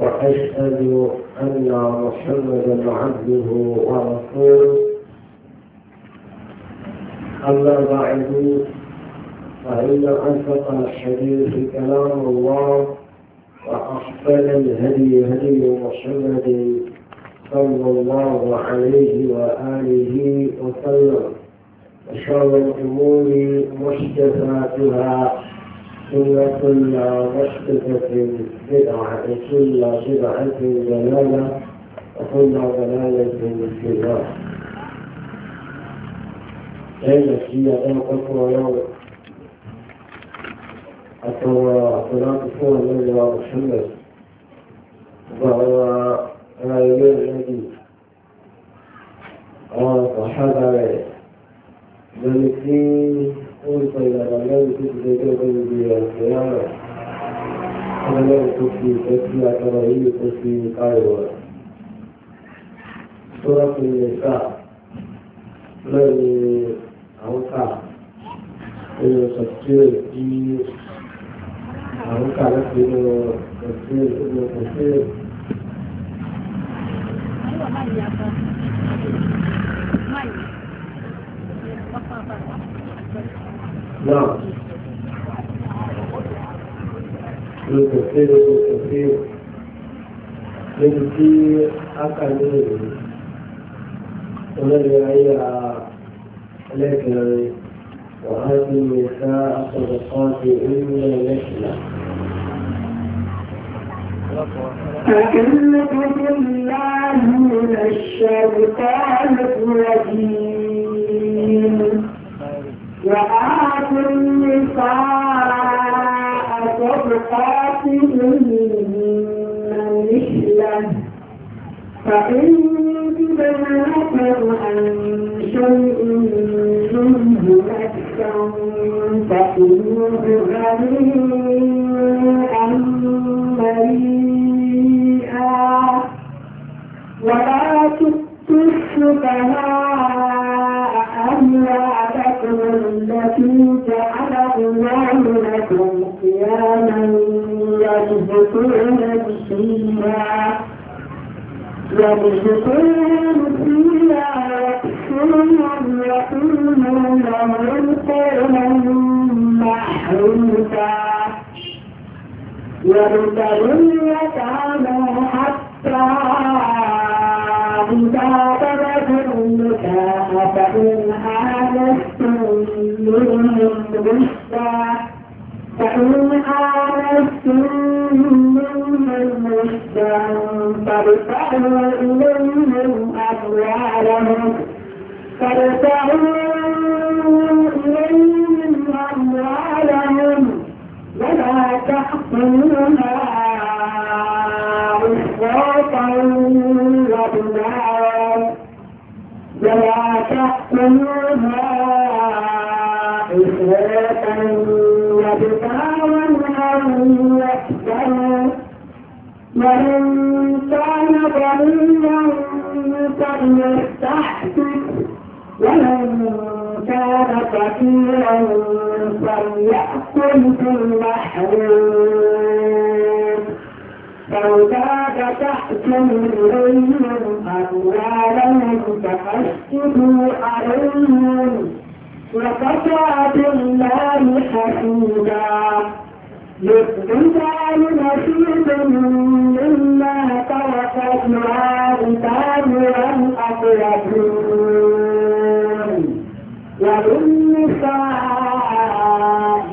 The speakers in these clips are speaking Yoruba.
وأشهد أن محمدا عبده ورسوله أما بعد فإن أنفق الحديث كلام الله وأحسن الهدي هدي محمد صلى الله عليه وآله وسلم وشر الأمور محدثاتها هي كل في بدعة كل بدعة ضلالة وكل ضلالة في النار أين هي أن أقرأ يوم أقرأ صلاة سورة النبي محمد وهو رأيين النبي وصحابة ملكين orúkọ ìlànà lẹ́yìn tó ti dẹjọ́ lórí ibi ọ̀sẹ̀ náà ọlọ́run tó fi ìfẹ́ sí àtọ̀rọ̀ yìí tó fi káyọ̀ rẹ̀ tó rọ́pò ilẹ̀ sáà lẹ́yìn àwọn sáà nínú sọ̀tíwẹ̀ tí Thank you. نعم ní tẹ̀sílẹ̀ tó tẹ̀sílẹ̀ níbi tí a kà ní èrè olóòrè ayé a ẹlẹ́gbẹ̀rẹ̀ wàhálì mẹ́ta àtọ̀rọ̀ kan ti nínú ẹlẹ́gbẹ̀rẹ̀ فإنك بالله من الشيطان الرجيم وآتوا النساء صدقاتهن نحلة فإن تبن لكم عن شيء منه نفسا فإنه غنيئا مريئا ولا تؤتوا الشبهاء أموالهم لكم التي جعل الله لكم قياما يرزقون فيها يرزقون فيها ويكفرهم يقولون من قولا محروسا يرضون وتعالى حتى وإذا بلغوا النكاح فإن آنستم منهم رشدا فإن آنستم منهم رشدا فارفعوا إليهم أموالهم فارفعوا إليهم أموالهم ولا تحصلوها إسراطا وبناء ولا تأكلوها إسرافا وبطارا أن يكبروا وإن كان ضريرا فليستحسن ومن كان كثيرا فليأكل بالمحروم فوزاد تأتم إليهم أموالهم فأشهدوا عليهم وكفى بالله حسيبا للرجال نصيب مما تركت الوارثان والأقربون وللنساء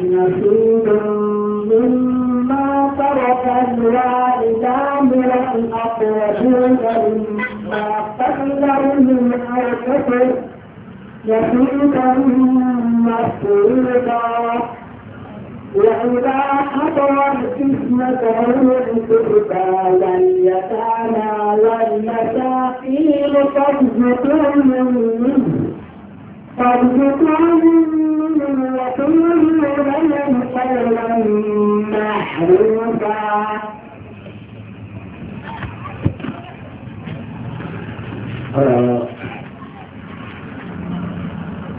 نصيب مما ترك الوارثان أخرجوك مما استكبروا من أنفسهم يسيرا مسيرا وإذا حضرت قسمة القربى واليتامى والمساكين فارزقوا منه فارزقوا منه وقولوا لهم قولا محروفا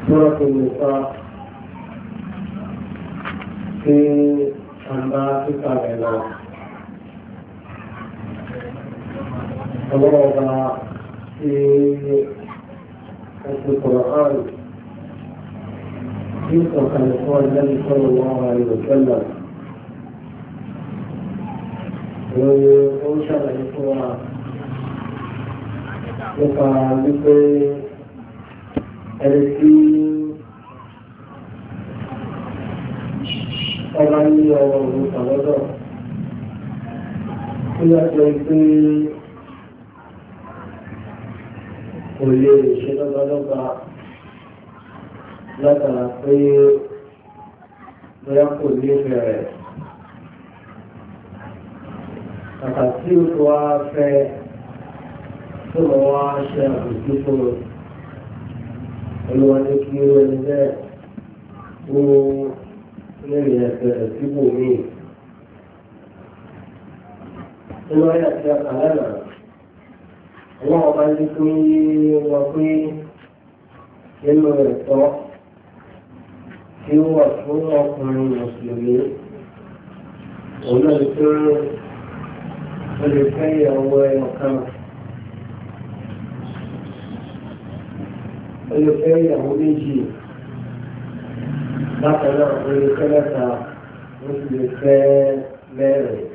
سورة النساء في أنباء كتابنا الله في القرآن يوسف كان يقول النبي صلى الله عليه وسلم ويقول شرع القرآن nípa wípé ẹni tí ọba ní ọmọ òun sàlọ́dọ̀ tí wọ́n sọ pé kò lè lọ́gbàlọ́gbà látara pé bóyá kò ní bẹ̀rẹ̀ kàkà tí ó fẹ́ tí wá ṣe àbùkù fún un olúwa ní kí ó ẹni bẹ́ẹ̀ ó lẹ́yìn ẹsẹ̀ rẹ̀ míì nínú ayé àti àkàlẹ́nà àwọn ọba ní kí ó yé wọn pé nínú ẹ̀tọ́ tí ó wà fún ọkùnrin mùsùlùmí òun náà ti ń olùfẹ́ ìyàwó ẹ̀yọ̀ kan. ẹyọ fẹ́ ìyàwó méjì bákan náà ẹyọ fẹ́ mẹ́ta ó sì lè fẹ́ mẹ́rin.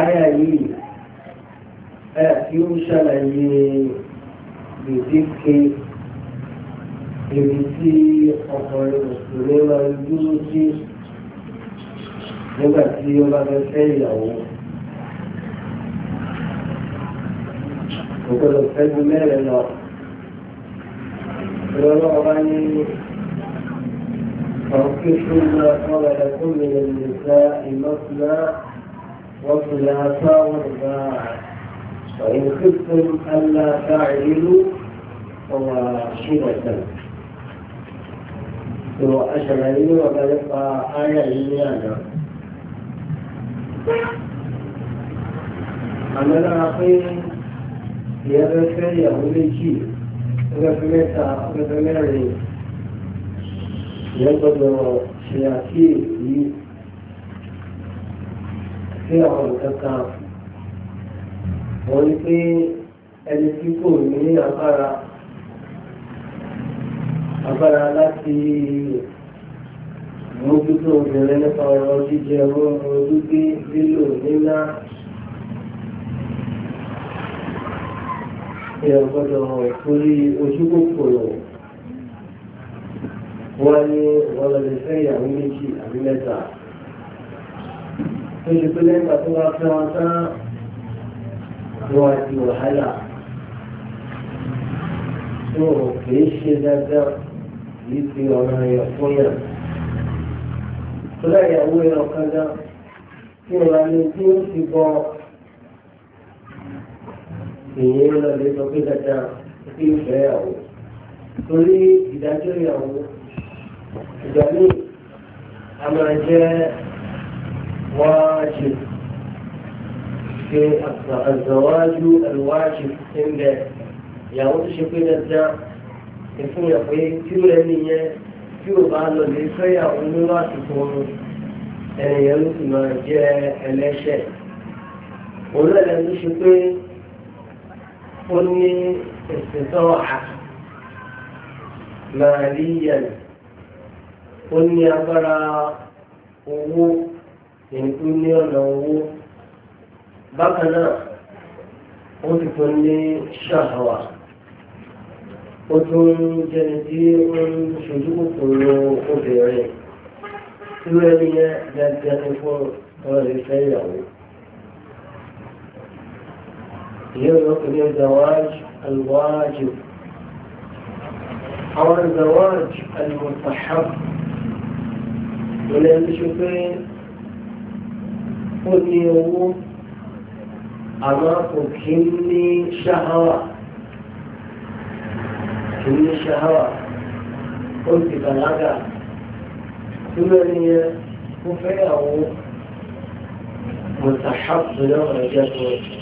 Aya yìí aya tí ó ń ṣàlàyé gbèdéke èyí tí ọkùnrin mùsùlùmí máa ń dúró sí nígbà tí ó bá fẹ́ fẹ́ ìyàwó. Kò fẹ́ ju mẹ́rin lọ. ọlọ́ọ̀bá ní ọ̀kíkú máa kọ́ra ẹ̀kọ́ mi lè nìta ìmọ̀síná wọ́n fi وإن خفتم ألا تعدلوا فهو شدة وأشغلين وبلقى آية إيانا أنا أقول يا بكر يا ولدي ọlọ́dún mẹ́ta ọlọ́dún mẹ́rin ìyẹn gbọ́dọ̀ ṣe àkíyèsí sí àwọn nǹkan kan wọ́n ní pé ẹni tí kò ní agbára agbára láti mójútó obìnrin nípa ọ̀rọ̀ jíjẹ ọ̀rọ̀ ojúgbé lílò níná. ẹ gbọ́dọ̀ ìforí ojú kòkòrò wọ́n ní wọ́n lè fẹ́ méjì àbí mẹ́ta tó ṣe pé lẹ́yìn tó wá fẹ́ wọn tán wọ́n àti wàhálà tó o kì ṣe dandan kì í ọ̀nà yẹn fún tó láyàwó yẹn ọ̀kan dán kí wọ́n á ní tí ó ti bọ́ èèyàn lọ lè sọ pé dandan kí n fẹ́ ìyàwó torí ìdájọ́ ìyàwó ìgbà míì a máa jẹ́ wájú ṣe àzọwájú àlùwájú ń bẹ ìyàwó tó ṣe pé dandan ìfúnyàn pé kí ó lẹ́nu yẹn tí o bá lọ lè fẹ́yàwó nínú àsìkò ẹnìyàn ló sì máa jẹ́ ẹlẹ́ṣẹ̀. òun náà lẹ́nu ṣe pé ó ní ìsìntọ́wà màálíyàn ó ní agbára owó ìlú ní ọ̀nà owó bákan náà ó ti fún ní ṣàhàwà ó tún jẹni tí ó ń ṣojú kòkòrò obìnrin tí ó rẹ̀ ní ẹ̀ dáadáa fún ọ̀rẹ́ ìfẹ́ ìyàwó. يدعو الزواج الواجب أو الزواج المستحب ولأن شوفين قد يوم أماكم كل شهوة كل شهوة قلت بلغة ثمانية وفيه مستحب لغة جدول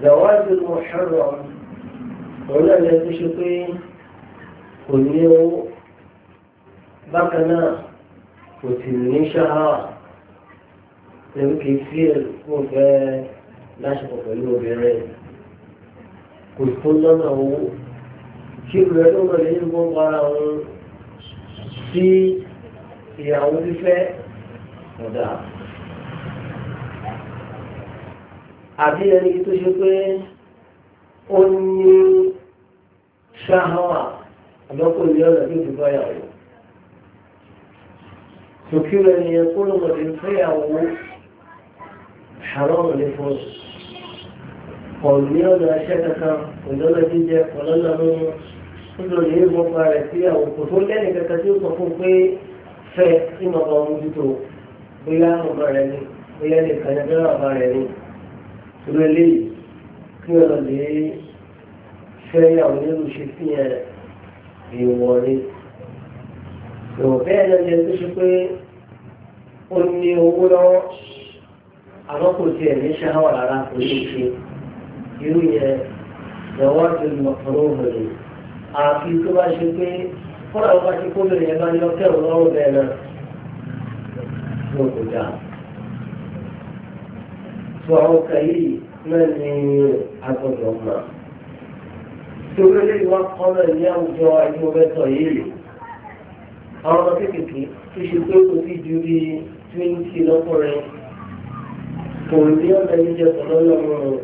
زواج المحرم هنا الذي شقين كنيه بقنا وتنين شهر لم كثير وفاة نشط قلوب بيرين كنت كلنا كيف يدوم العلم غرام في يعود فيه ودعم àbí ẹni tó ṣe pé ó ní ṣáháwà àlọ́pọ̀ ilé ọ̀nà tó ti báyàwó tòkí rẹ̀ ni ẹkú lọ́mọdé fẹ́yàwó haram ní fún ọ̀ní ọ̀nà aṣẹ́ kankan ọ̀dọ́nà jíjẹ ọ̀dọ́nà mímu nítorí ní gbogbo rẹ̀ síyàwó kò tó lẹ́nu kankan tí ó sọ fún pé fẹ́ ìmọ̀ta ọmọ ojútó bóyá ọmọ rẹ̀ ni bóyá nìkan ẹgbẹ́ bàbá rẹ̀ ni torí eléyìí kí ọ̀rọ̀ lè fẹ́ àwọn onírú ṣe fi hàn ìwọ̀n ni. bẹ́ẹ̀ náà jẹ́ tó ṣe pé ó ní owó lọ́wọ́ àmọ́ kò tiẹ̀ ní ṣáwà rárá kò ní ṣe irú yẹn lọ́wọ́ tó lọ fọ́nrán òhèrè àfi tó bá ṣe pé fọ́nrán bá ṣe kó lórí ẹ̀ bá ní ọkẹ́ òun lọ́wọ́ bẹ́ẹ̀ náà ló kò dáa tó àwọn kan ní agbọ̀dọ̀ mà. torí eléyìí wá kọ́ náà ní àwùjọ ayélujára yìí àwọn ọmọ kéékèèké tó ṣe pé kò sí ju bí twenty lọ́kùnrin kò ní ọ̀nà ìjẹ sọ̀rọ̀ lọ́wọ́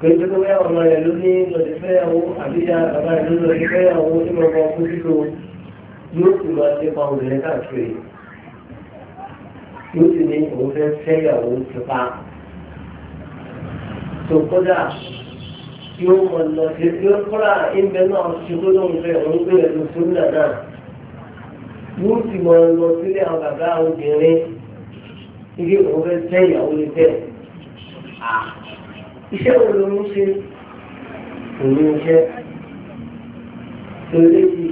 pẹ̀lú pé wọ́n ọmọ rẹ̀ ló ní lọ́dẹ fẹ́yàwó àbíyá bàbá rẹ̀ ló lọ́dẹ fẹ́yàwó tí mo kọ́ fún títò yóò sì máa ṣe pa obìnrin káàkiri yóò sì ní òun fẹ́ fẹ́yàwó tipa tó kódà yóò mọ lọ sí yóò kódà ìgbẹ́ náà ṣe tó lóun fẹ́ òun gbé ẹ̀ lọ sórí nàdà yóò sì mọ lọ sílé àwọn bàbá obìnrin ibi òun fẹ́ fẹ́yàwó lè tẹ̀ iṣẹ́ wo ló ń ṣe òun iṣẹ́ tó léyìí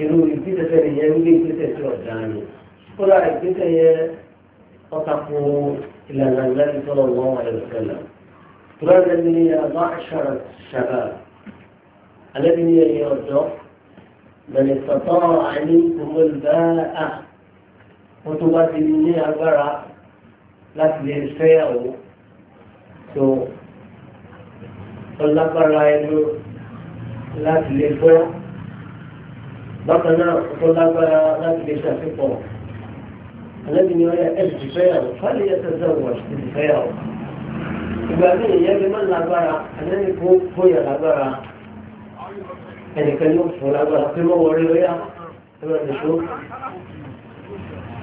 irú ìdílé fẹ́ nìyẹn ń gbé ìgbésẹ̀ tó ọ̀daràn yìí kódà ìgbésẹ̀ yẹn ọ̀tà fún ìlànà ìlànà ìtọ́lọ̀ wọn wà lẹ́nu sẹ́lẹ̀. Tùrọ̀lẹ́ ni àbá àṣàrà ṣàrà. Alẹ́ ni ẹ̀yẹ ọ̀dọ́. Bẹ̀rẹ̀ sọ̀tọ́ àní gbogbo ìgbà à. Wọ́n tó bá ti ní agbára láti lè fẹ́ ìyàwó. So ọlágbára ẹnu láti lè gbọ́. Bákan náà, ọ̀tọ́ láti lè ṣàfihàn. الذي يرى الجفاف فليتزوج بالجفاف ìgbà míì ìyẹn lè má lágbára àlẹ́ni kó bóyá lágbára ẹnìkan yóò fún lágbára pé mọ́ wọlé lọ́yà ẹ̀rọ ìṣó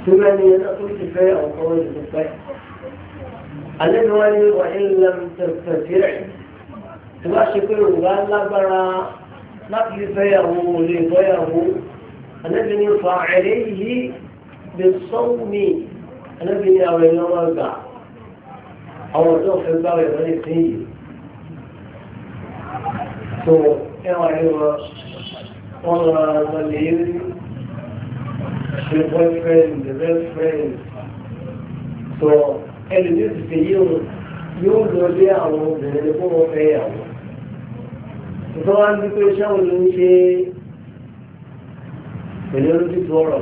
túbẹ̀ ní ẹ̀dá tó ti fẹ́ àwọn ọmọ ìlú pẹ́. àlẹ́ni wá ní wà ní lẹ́mtẹ̀tẹ̀ tirẹ̀ tí wàá ṣe pé òun bá lágbára láti fẹ́ àwọn olè bọ́yàwó àlẹ́ni ní fa ẹ̀rẹ́ yìí. bẹ̀sọ́ọ̀mì ẹlẹ́bí ní àwọn ẹni ọmọ ọgbà àwọn ọ̀dọ́ ọ̀fẹ́ gbá rẹ̀ lọ́lẹ̀ sí yìí tó ẹwà ẹwà wọn lọ lọlẹ̀ yìí ṣe boyfriend the best friend tó ẹni tí ó ti fi yíò yóò lọ lé àwọn obìnrin fún wọn fẹ́ yàwó ìtọ́wá ń bí pé sáwọn you ń ṣe pẹ̀lú olójú tó ọ̀rọ̀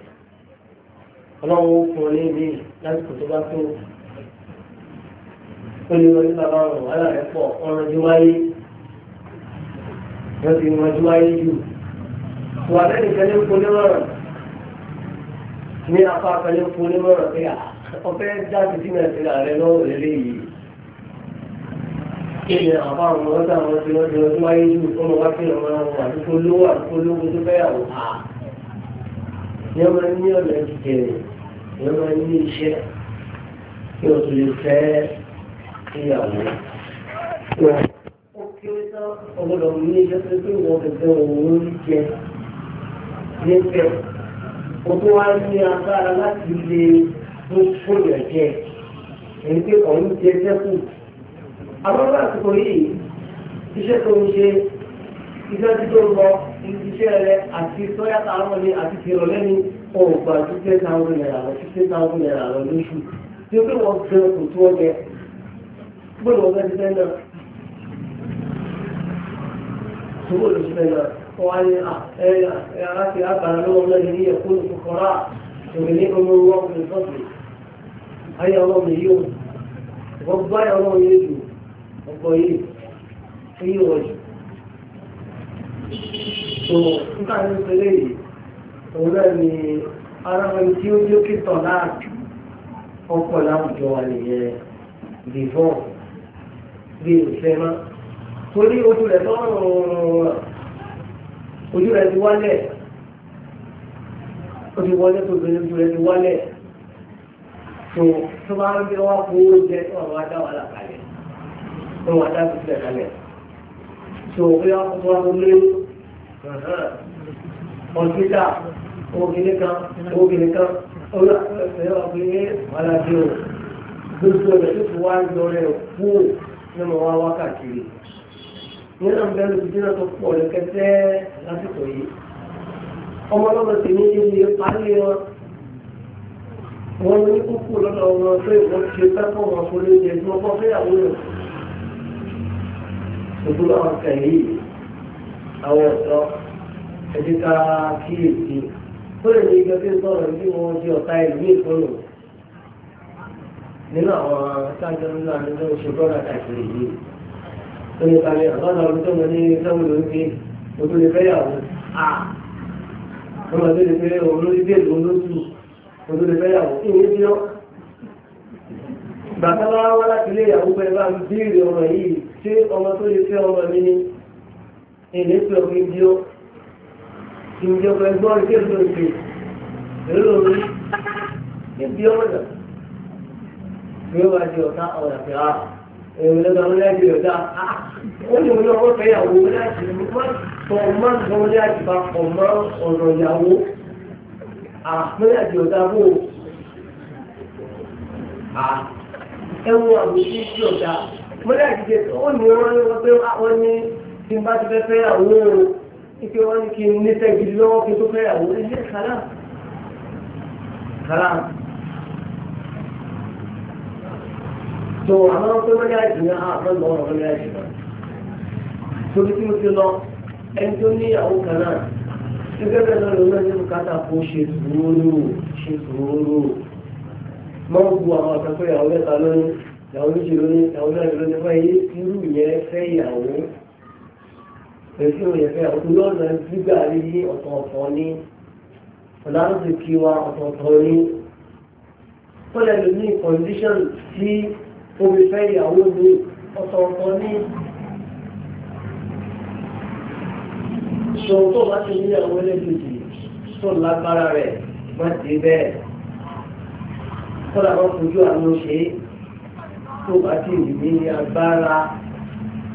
ọlọ́run ó fún ọ lébi lásìkò tó bá tó ó lè wọlé bàbá ọ̀rùn wàhálà rẹ̀ pọ̀ ọ̀rọ̀ ju wáyé wọ́n ti wọ́n ju wáyé jù wà lẹ́nu kẹ́lẹ́ ń fún onímọ̀ràn ní apá kẹ́lẹ́ ń fún onímọ̀ràn pé ọ̀fẹ́ dáàbò sí nàìjíríà rẹ lọ́wọ́ lélẹ́ yìí kí ni àbá àwọn ọ̀sán àwọn ti wọ́n ti wọ́n ju wáyé jù ọmọ wá sí ọmọ àwọn àdúgbò lówó àdúgbò lówó tó fẹ́ yà wò ni ọmọ ní ọ̀nà ìbẹ̀rẹ̀ ni ọmọ ní iṣẹ́ kí o tún lè fẹ́ ìyàwó. ó kéré tán ọgbọ́dọ̀ ní iṣẹ́ tó pé wọ́n kẹ̀kẹ́ òun ń jẹ níbẹ̀. o tún wá ní agbára láti lè mú fóyà jẹ èyí pé ọ̀hún jẹ sẹ́kù. àwọn àsìkò yìí iṣẹ́ tó ń ṣe iṣẹ́ tó ń lọ iṣẹ́ rẹ àti sọ́yà táwọn ní àti tìrọ lẹ́ni ọ̀gbà ju ten thousand naira lọ fifteen thousand naira lọ lóṣù tí ó pé wọ́n gbẹ kò tó ọjẹ gbọ́dọ̀ wọ́n fẹ́ ti fẹ́ náà ṣùgbọ́n olùsọ̀fẹ́ náà wọ́n ah, á ní àti àgbàrá lọ́wọ́ náà ní ẹ̀kọ́ olùkọ́kọ́rá ìrìn ní ọmọ wọn kò lè sọ́ọ̀tì ayé ọlọ́run yìí o ọgbà ayé ọlọ́run yìí ju ọgbọ yìí ó yí wọ̀ jù so nígbà tó ń pẹ̀lẹ́ yìí òun náà ni ara wọn tí ó jẹ́ kíntàn láàbì ọ̀pọ̀ láwùjọ wa nìyẹn bìbọn bí ìfẹ́ máa torí ojú rẹ̀ tọ́ ojú rẹ̀ ti wálẹ̀ ó ti wọlé tó bẹ̀rẹ̀ ojú rẹ̀ ti wálẹ̀ tó tó bá ń bí wá kó jẹ tó tó wà dá tó tilẹ̀ kọ̀ǹpútà obìnrin kan obìnrin kan obìnrin alájẹ o gbogbo rẹ̀ tó fi wá lọ rẹ̀ kú ní mo wá wákàtí rẹ̀ nínú àwọn ẹlòmí tí náà tó pọ̀ lẹ́kẹ́tẹ́ lásìkò yìí ọmọ ọlọ́mọ sì ní ilé parí wọn wọn ní kúkú lọ́dọ̀ wọn pé wọ́n ti fẹ́ fọ́ wọn fún lóúnjẹ tí wọ́n kọ́ fẹ́yàwó rẹ̀ ògbóló àwọn kẹ̀yìn yìí àwọn ọ̀dọ́ ẹ̀jẹ̀ ká kíyèsí tó lè ní ìgbẹ́ tí ń sọ̀rọ̀ bí wọ́n jẹ́ ọ̀tá ìlú ìfọ̀nù nínú àwọn sáájú ńlá nínú oṣù bọ́lá kàkiri yìí tó ní kalẹ̀ ọ̀gọ́dọ̀ ọdún tó mọ ní sẹ́wọ̀n ló ń gbé ojú lè fẹ́ yàwó wọ́n máa tó lè fẹ́ òun bí èlò olóṣù ojú lè fẹ́ kí ni bí ọ́ gbàtà wá wá láti ilé ìyàwó pẹ̀lú èlé pé ọmọ ibi ó ìjọba ẹgbẹ́ ọjọ́ ìlú òkè èrò rí níbi ọ̀nà tí ó wá di ọ̀tá ọ̀nà tí a èrò lọ́gbà wọn láti ọ̀tá ó ní wọn lọ́wọ́ fẹ́ ìyàwó láti ọmọ ọmọ láti bá ọmọ ọ̀nà ìyàwó àpé àti ọ̀tá bò ẹ̀wọ̀n àbòsí sí ọ̀tá mọ́lá ìdíje tó ó ní wọn lọ́wọ́ pé wọ́n tí n bá ti fẹ́ fẹ́ àwọn ohun ike wọ́n ní kí n nífẹ̀ẹ́ gidi lọ́wọ́ kí n tó fẹ́ àwọn ilé kàlá kàlá. tó àwọn tó lọ́yà ìdùnnú àwọn àbọ̀ lọ́wọ́ lọ́wọ́ lọ́yà ìdùnnú. torí tí mo ti lọ ẹni tó ní àwọn kàlá gẹ́gẹ́ bẹ́ẹ̀ lọ́rọ̀ náà nínú kátà kó ṣe sùúrù ṣe sùúrù. máa ń bu àwọn àtàkùn ìyàwó mẹ́ta lónìí ìyàwó méjì lónìí ìyàwó mẹ́rin lónìí fẹ́ yé irú ìyẹn fẹ́ ìyàwó èyí ò yẹ fẹ́ ọdún lọ́nà gbígbà rí ọ̀tọ̀ọ̀tọ̀ ní ọ̀làrúbìkì wa ọ̀tọ̀ọ̀tọ̀ ní kọ́lẹ̀ ló ní condition tí omi fẹ́ ìyàwó ní ọ̀tọ̀ọ̀tọ̀ ní ṣòro tó bá ti níyàwó ẹlẹ́gbẹ̀jì tó lágbára rẹ̀ má ti bẹ́ẹ̀ kọ́lá wọn fojú àwọn ṣe tó bá ti rí ní agbára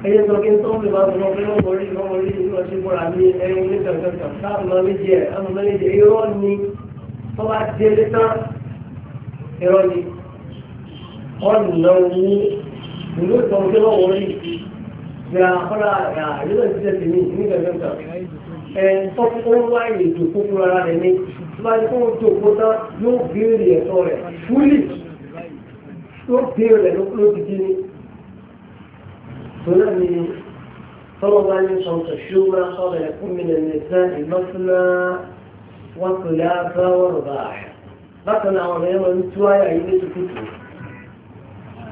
ẹyẹ sọ kí n tó ń bèbá tó lọ pé wọ́n mọ̀ rí wọ́n mọ̀ rí ìlú ọtí múra ní ẹyẹ ní kankan sáà lọ méjì ẹ̀ ọmọ méjì irọ́ ni tó bá dé lé tán irọ́ ni ọ̀nà owó ìlú ìtọ́ pé wọ́n mọ̀ rí ìgbà kọ́lá ìlú ẹ̀sìn tẹ̀sí mi ní kankan ẹ̀ tó kó wá ìlú kúkú ara rẹ̀ ní tó bá dé kó tó kó tán yóò béèrè ẹ̀tọ́ rẹ̀ fúlì yóò béèrè lókùlókìkí ni. هنا من صلى عليه وسلم الشورى قال يكون من النساء مثنى وثلاثة ورباع بطن على يوم المتوى يعيد الكتب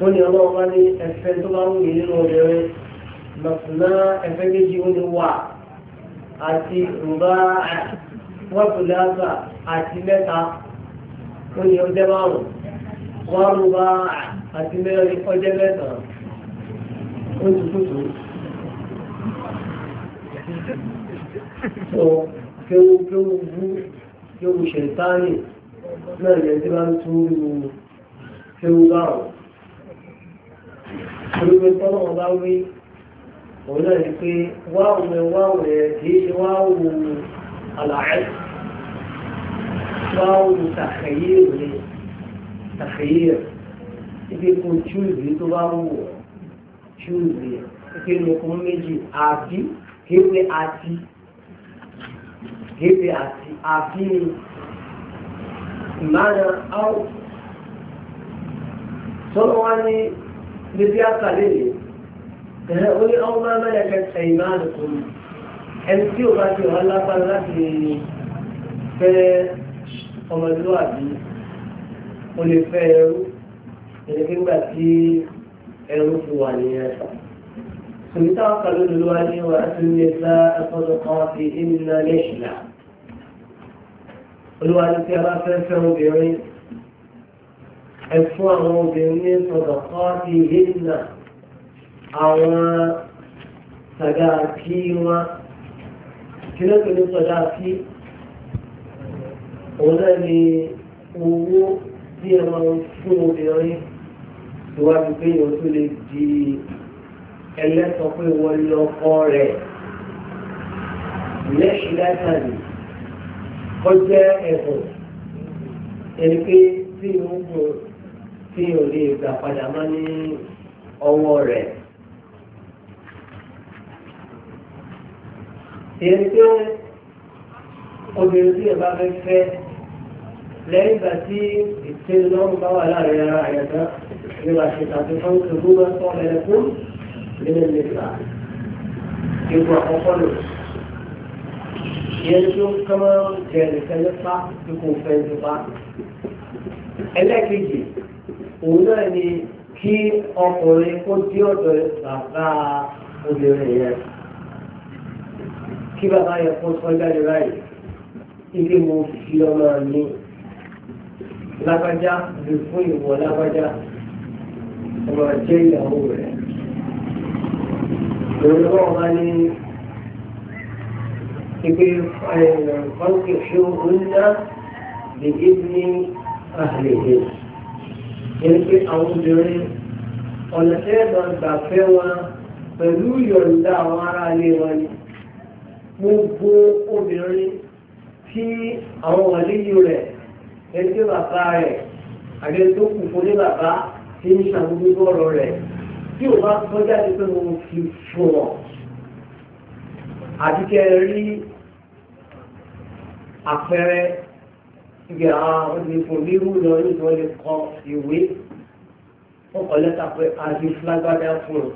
قل يا الله غني أفنت الله إلى الوجه مثنى أفنت جيون الوع أتي رباع وثلاثة أتي متى قل يوم دبار ورباع أتي متى lójútùtù so kéwú kéwú náà lè tí bá ń túrú kéwú báwọn olùgbé tọ́lọ́wọ́ bá wí òun náà ni pé wáwùn ẹ wáwùn ẹ kìí ṣe wáwùn àlàáyé wáwùn tàkàyé rẹ̀ tàkàyé ibi kò tú ìlú tó bá wù ọ́ chúùsì pé mo kún méjì àbí kéwé àti kéwé àti àbí ni ìmáàna áwọ̀ sọ́nà wá ní bíbí àkàlẹ́ yìí tẹ̀lé ó ní ọmọ mẹ́lẹ̀kẹ́ ẹ̀yìnmáàna kò ní ẹni tí ò bá ti wà lágbára láti fẹ́ ọmọlúwàbí o lè fẹ́ ẹrú ẹ̀lẹ́gbẹ̀gbà tí ẹrú fún wa nìyẹn. Sùmítà kàló lulú wa ní wa ẹtù ní ẹsẹ̀ ẹ̀fọ́dọ̀ kan fi ìnira ní ìṣìlá. Olúwa ní tí a bá fẹ́ fẹ́ obìnrin, ẹ fún àwọn obìnrin ní ẹ̀fọ́dọ̀ kan fi ìnira àwọn sàdáàkì wọn. Kí ló pè ní sàdáàkì? Òun náà ni owó tí ẹ máa ń fún obìnrin tó wá fi pé o tó lè di ẹlẹ́sọ pé wọ́n lé ọkọ rẹ̀ lẹ́sìn látàrí kọjá ẹ̀bùn ẹni pé tí o ń bọ̀ tí o lè gbà padà má ní ọwọ́ rẹ̀. Èyí pé obìnrin tí ẹ bá fẹ́ fẹ́ lẹ́yìn ìgbà tí ìtẹ́lọ́rùn bá wà láàrin ara àyàtọ̀ بما itu فانكحوا ما طاب لكم من النساء يبقى حصل يجب كما ذلك يقطع يكون في انقطاع ẹlẹ́kejì òun náà ni kí ọkùnrin kó dé ọ̀dọ̀ bàbá obìnrin yẹn kí bàbá yẹn kó sọ jáde láì ilé mo fi ọmọ mi lágbájá lè fún ìwọ lágbájá ọmọ jẹ́ ìyàwó rẹ̀. Olùkọ́ wa ní ibi fọ́nkì ṣe òun náà lè ní àhàlẹ̀hẹ̀. Yẹn pé àwọn obìnrin ọ̀nà tẹ́lẹ̀ máa gbà fẹ́ wọn pẹ̀lú ìyọ̀ǹda àwọn ará ilé wọn ni. Gbogbo obìnrin tí àwọn wàlíyù rẹ̀ ẹgbẹ́ bàbá rẹ̀ àgbẹ̀ tó kù fún ní bàbá ṣe ń ṣàmójútó ọ̀rọ̀ rẹ̀ tí o bá sọ jáde pé mo fi fún ọ àti kẹ rí àpẹẹrẹ ibi àwọn ìfún rírú lọ nítorí wọn lè kọ ìwé wọn kọ lẹ́tà pé àti fúlágbádá fún un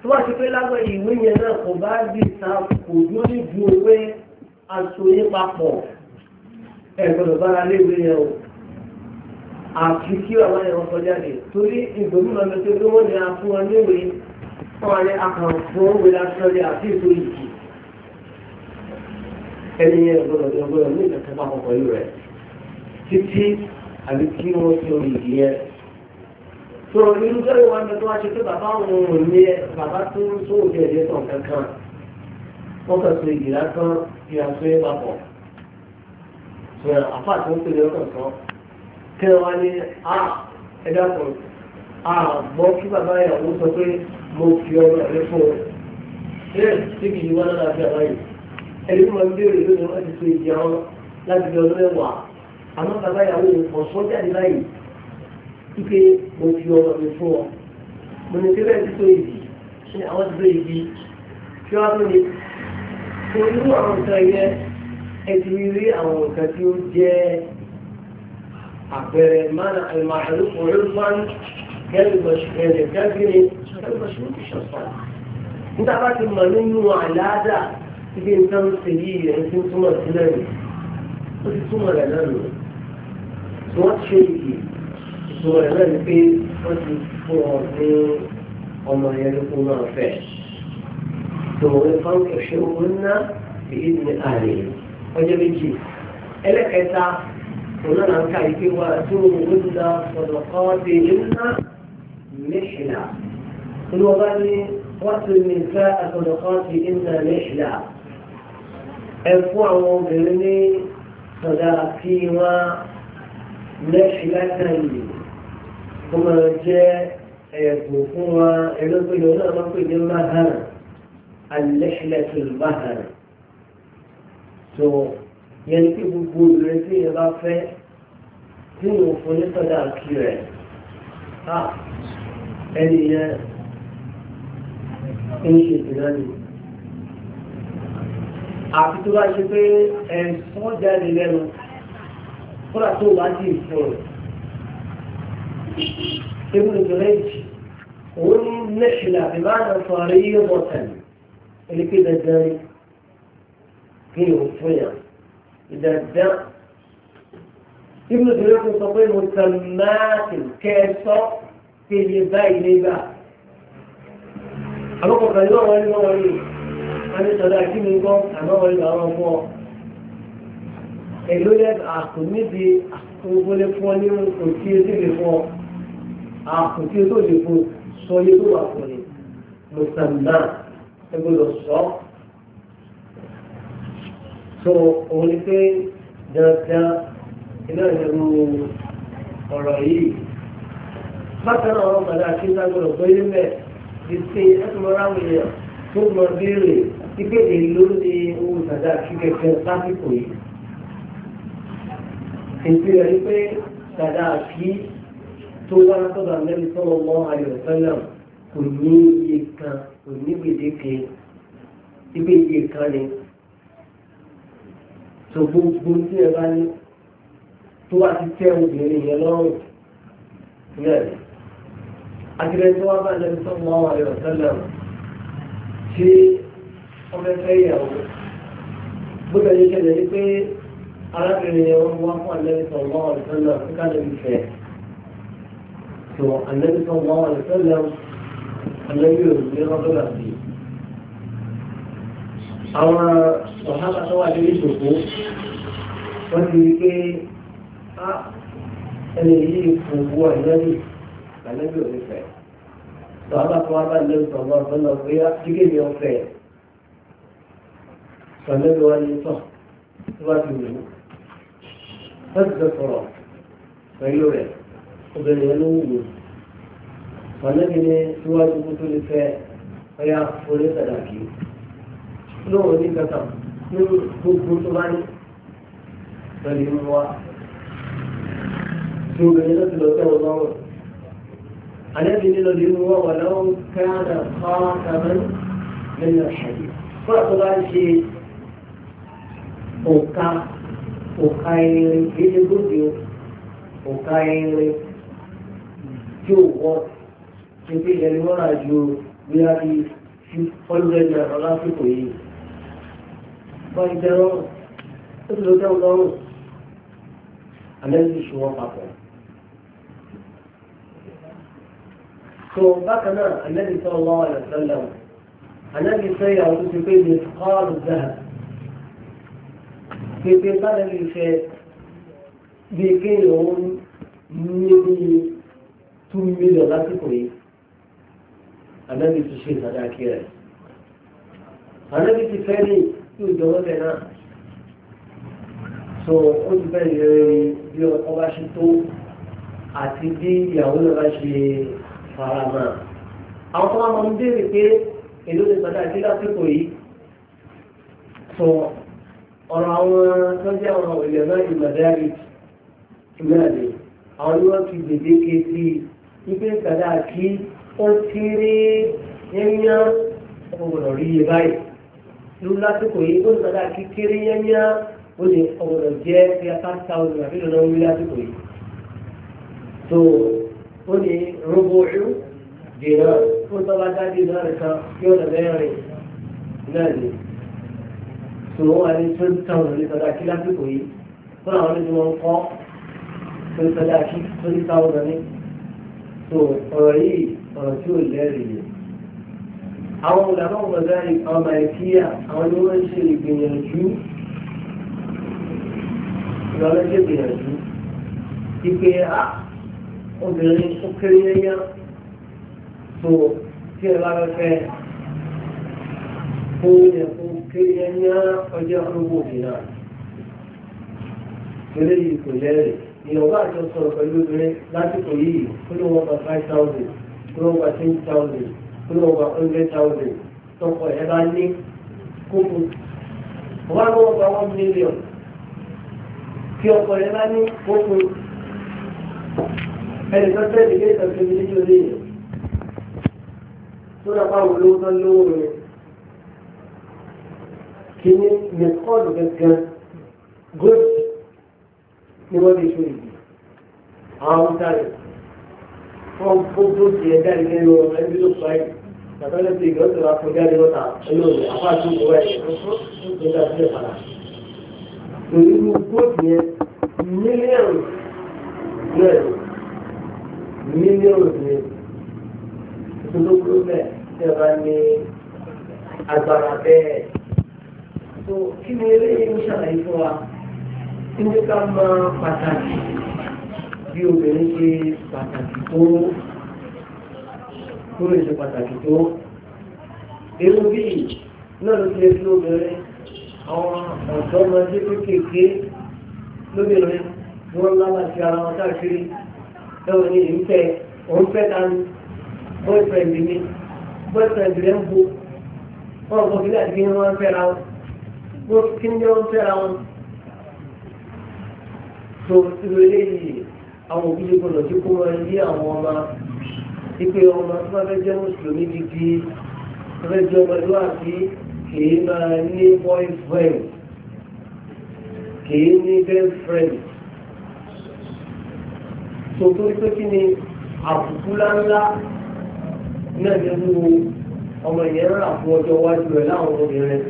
tó bá ti pé lágbà ìwé yẹn náà kò bá dì ta kò dúró ní ju owó aṣọ yín papọ̀ ẹ̀ gbọ́dọ̀ bára léwé yẹn o àfi kí àwọn ẹ̀rọ kọjáde torí ìgbòmí máa lọ sí pé wọ́n ní afún wọn léwe wọn ní akànfún òwe lásánlẹ̀ àti ètò ìjì ẹni yẹn gbọdọ̀ gbọdọ̀ ní ìgbàkan bá kọkọ yìí rẹ̀ títí àbí kí wọ́n fi omi ìdí tó irú sẹ́yìn wọn bẹ tó wá ṣe pé bàbá òun ò ní ẹ bàbá tó ń sọ òbí ẹ̀jẹ̀ tàn kankan wọ́n kàn so ìdí lásán fi àṣọ ẹ̀ papọ̀ àfáà tó ń pè lọ́kàn kan kí wọ́n ní a ah, ẹ̀dá kan àgbọ̀ ah, kí bàbá ìyàwó sọ pé mo fi ọmọ rẹ̀ fún ọ bẹ́ẹ̀ tí kì í wá lára àti àbá yìí ẹni tó máa ń béèrè lónìí wọ́n ti so ìdí àwọn láti bí ọdún mẹ́wàá àmọ́ bàbá ìyàwó ọ̀sán jáde láyìí wípé mo fi ọmọ mi fún ọ mo ní pé bẹ́ẹ̀ ti so ìdí ṣe àwọn ti so ìdí kí wọ́n á tó ní fún àwọn nǹkan yẹn ẹ بمعنى المعروف عرفا كلمة يعني كالمشهور بالشرطان انت عبارة المنون وعلادة تبين انت مستهيل يعني انت ثم الثلاني انت ثم الانان سوات شيء ثم الانان في وانت فورتين وما يلقون فيه ثم يفرق شيء بإذن أهله وجب الجيل إلا إذا ọlọ́nà ń ká ike wá tó ń lọ sọ̀dọ̀ kọ́ ti nínú mẹ́ṣìlá olùwọ́bá ní wọ́n ti ní ká sọ̀dọ̀ kọ́ ti nínú mẹ́ṣìlá ẹ fún àwọn obìnrin ní sọ̀dọ̀ kí wọ́n mẹ́ṣìlá sẹ́yìn kó máa jẹ́ ẹ̀bùn fún wa ẹlẹ́gbẹ̀ẹ́ ọlọ́nà máa pè ní mahara alẹ́ṣìlẹ̀ tó mahara yẹn kí gbogbo obìnrin tí yẹn bá fẹ́ tí wọ́n fún ní sọ́dà kí rẹ̀ á ẹni yẹn ń ṣe ìdìnnà ni. àfi tó bá ṣe pé ẹ̀sán jáde lẹ́nu kódà tó bá ti fún un. ابن جريج والنحلة بمعنى فريضة اللي كده ازاي في وفية ìdẹ̀dẹ̀ ibùdó tó yẹ kó sọ pé mo tẹ̀ máàkì kẹsọ́ kéye báyìí nígbà àbúkọ̀ kan ní wọ́n ní wọ́n ní wọ́n ní sọ̀dọ̀ àti mi gbọ́ àmọ́ wọ́n ní àwọn ọmọ èló lẹ́nu àkù níbi àkùngbólé fún ọ nínú òkè tí lè fún ọ àkù tí ó tó lè fún sọ yé tó wà fún ni mo tẹ̀ máà ẹgbẹ́ lọ sọ́ọ́ so òun ni pé dandan iná ìlú ọ̀rọ̀ yìí bákan náà wọn padà kí n dágbọ́dọ̀ pé ilé mẹ́ ti ṣe ẹ̀tùmọ̀ra àwọn èèyàn tó mọ béèrè wípé èlò ni owó dàda kí kẹkẹ lásìkò yìí èsì rẹ̀ ni pé dàda kí tó wá sọ́dọ̀ àmẹ́rin sọ́wọ́ mọ́ ayọ̀sẹ́lẹ̀ kò ní iye kan kò ní gbèdéke ibi iye kan ni tó gbogbo tí ẹ bá ní tó wá ti tẹ́ obìnrin yẹn lọ́rùn lẹ́ẹ̀ àtìrẹ́ tó wá bá lẹ́nu tó mọ́ àwọn ẹ̀rọ tẹ́lẹ̀ tí wọ́n fẹ́ fẹ́ yẹ̀wò gbogbo ẹni kẹlẹ̀ ni pé arábìnrin yẹn wọ́n wá fún àlẹ́nu tó mọ́ àwọn ẹ̀rọ tẹ́lẹ̀ fún kálẹ̀ ìfẹ́ tó àlẹ́nu tó mọ́ àwọn ẹ̀rọ tẹ́lẹ̀ àlẹ́nu yóò ní ọdún àti àwọn ọ̀hánà tó wà lórí ìṣòfò wọ́n ti rí pé á ẹni yìí fún owó àìlẹ́bì àìlẹ́bì ò ní fẹ́ tó a bá fún wa bá lẹ́bì tó ọgbọ́n tó lọ pé kíkè ní ọ̀fẹ́ sọ̀lẹ́bì wa ní tọ̀ tó bá ti wù ú wọ́n pẹ̀lú rẹ̀ obìnrin yẹn ló wù ú sọ̀lẹ́bì tí wọ́n ti kú tó lè fẹ́ ọ̀yà orí sàdàkì lóhùn ní kankan ní gbogbo tó bá ní pẹ̀lú ìmú wa tí obìnrin ló ti lọ sẹ́wọ̀n lọ́wọ́ àlẹ́bí ní lọ́dún ìmú wa wà lọ́wọ́ káàdà fáàkàmẹ́ nínú àṣàyè fúnra tó bá ń ṣe òka òka irin kì gbòdì òka irin tí ò wọ́ ṣe pé ìyẹn ni wọ́n rà ju bí a fi fi fọ́lùrẹ́ fífò yìí bá ń jẹun ó ti lọ jẹun lọ́rùn àmẹ́lì ṣe wọ́n papọ̀. tó bákan náà àmẹ́lì sọ wọ́n wà lọ́sọ́lọ́ àmẹ́lì sọ ìyàwó tó ti pé ní kọ́ọ̀lù dáhà pépé bánẹ́lì fẹ́ bí kéèyàn ó ní bí two million lásìkò yìí àmẹ́lì ti ṣe ìsàdákì rẹ̀ àmẹ́lì ti fẹ́ ní tí ó jọmọ́ so ó ti bẹ́ẹ̀ yẹ bí ọkọ bá ṣe tó àti bí ìyàwó náà bá ṣe fara mọ́ àwọn tó máa ń béèrè pé èló lè padà sí lásìkò yìí so ọ̀rọ̀ ni wọ́n fi gbèdéke sí wípé kàdá kí ó kéré yẹn yán ọgbọ̀n rí iye irú lásìkò yìí ó nìkan dáa kí kéré yányá ó lè ọ̀rọ̀ jẹ́ bí a five thousand àbí lọ́nà wí lásìkò yìí tó ó lè robo ìlú dènà ó ń tọ́ba dájú ìlú náà nìkan kí ọ̀nà mẹ́rin náà lè tó wọ́n wà ní twenty thousand ní sọ́dá kí lásìkò yìí fún àwọn oníṣẹ́ wọn kọ́ twenty sọ́dá kí twenty thousand ní tó ọ̀rọ̀ yìí ọ̀rọ̀ tí ò lẹ́rìí àwọn olùdámọ̀ mọ̀gáàrí àwọn màìkíyà àwọn ni wọ́n ń ṣe ìgbìyànjú lọ́lọ́jẹ́ ìgbìyànjú ìpè á obìnrin ó kéré yẹ́yẹ́ tó tí ẹ bá fẹ́ fẹ́ kó yẹ kó kéré yẹ́yẹ́ ọjọ́ olówó òbí náà torí yìí kò lẹ́rìí ìyàwó àjọ sọ̀rọ̀ pẹ̀lú obìnrin lásìkò yìí ó ní wọ́n gba five thousand ó ní wọ́n gba ten thousand fún ọgbà hundred thousand tọkọ ẹ bá ní kókó ọba ní ọgbà one million kí ọkọ ẹ bá ní kókó ẹnì kan fẹ́ẹ́ dìgbé ìtàkùn ìdílé tó lé yẹn tó dàpọ̀ àwọn olówó ni mẹ́kọ́ọ̀dù gẹ́gẹ́ góòtù ni wọ́n lè ṣe ìdí fún gbogbo ti ẹ̀dá ilé lọ ẹbí ló sọ yìí bàbá ló ti ìgbà tó wà fún jáde lọ́ta olóògbé apá tó ń bọ̀ ẹ̀ tó dá sílẹ̀ padà. Èyí ló gbòdì yẹn mílíọ̀nù náà mílíọ̀nù yẹn ìdókòwò bẹ́ẹ̀ tí a bá ní agbára bẹ́ẹ̀. Kí ni eléyìí ń ṣàlàyé fún wa? Kí ká máa pàtàkì? bí obìnrin ṣe pàtàkì tó kúrò ṣe pàtàkì tó irú bí náà ló ṣe fi obìnrin àwọn ọ̀dọ́mọdé tó kéèké lóbìnrin ni wọ́n lábàá sí ara wọn káàkiri lọ́wọ́ ní ìfẹ́ òun fẹ́ ta ni boyfriend mi boyfriend rẹ̀ ń bo wọ́n kọ́ sílẹ̀ àti kí ni wọ́n fẹ́ra wọn kí ni wọ́n fẹ́ra wọn àwọn òbí lè gbọdọ̀ tí kó máa yí àwọn ọmọ wípé ọmọ tó bá fẹ́ jẹ́ mùsùlùmí gidi tó fẹ́ jẹ́ ọmọ ìlú àti kìí máa ní friend. kìí ní girlfriend tó tó rí pé kí ni àbùkù láńlá náà ní irú ọmọ ìyẹn rà fún ọjọ́ iwájú rẹ̀ láwọn obìnrin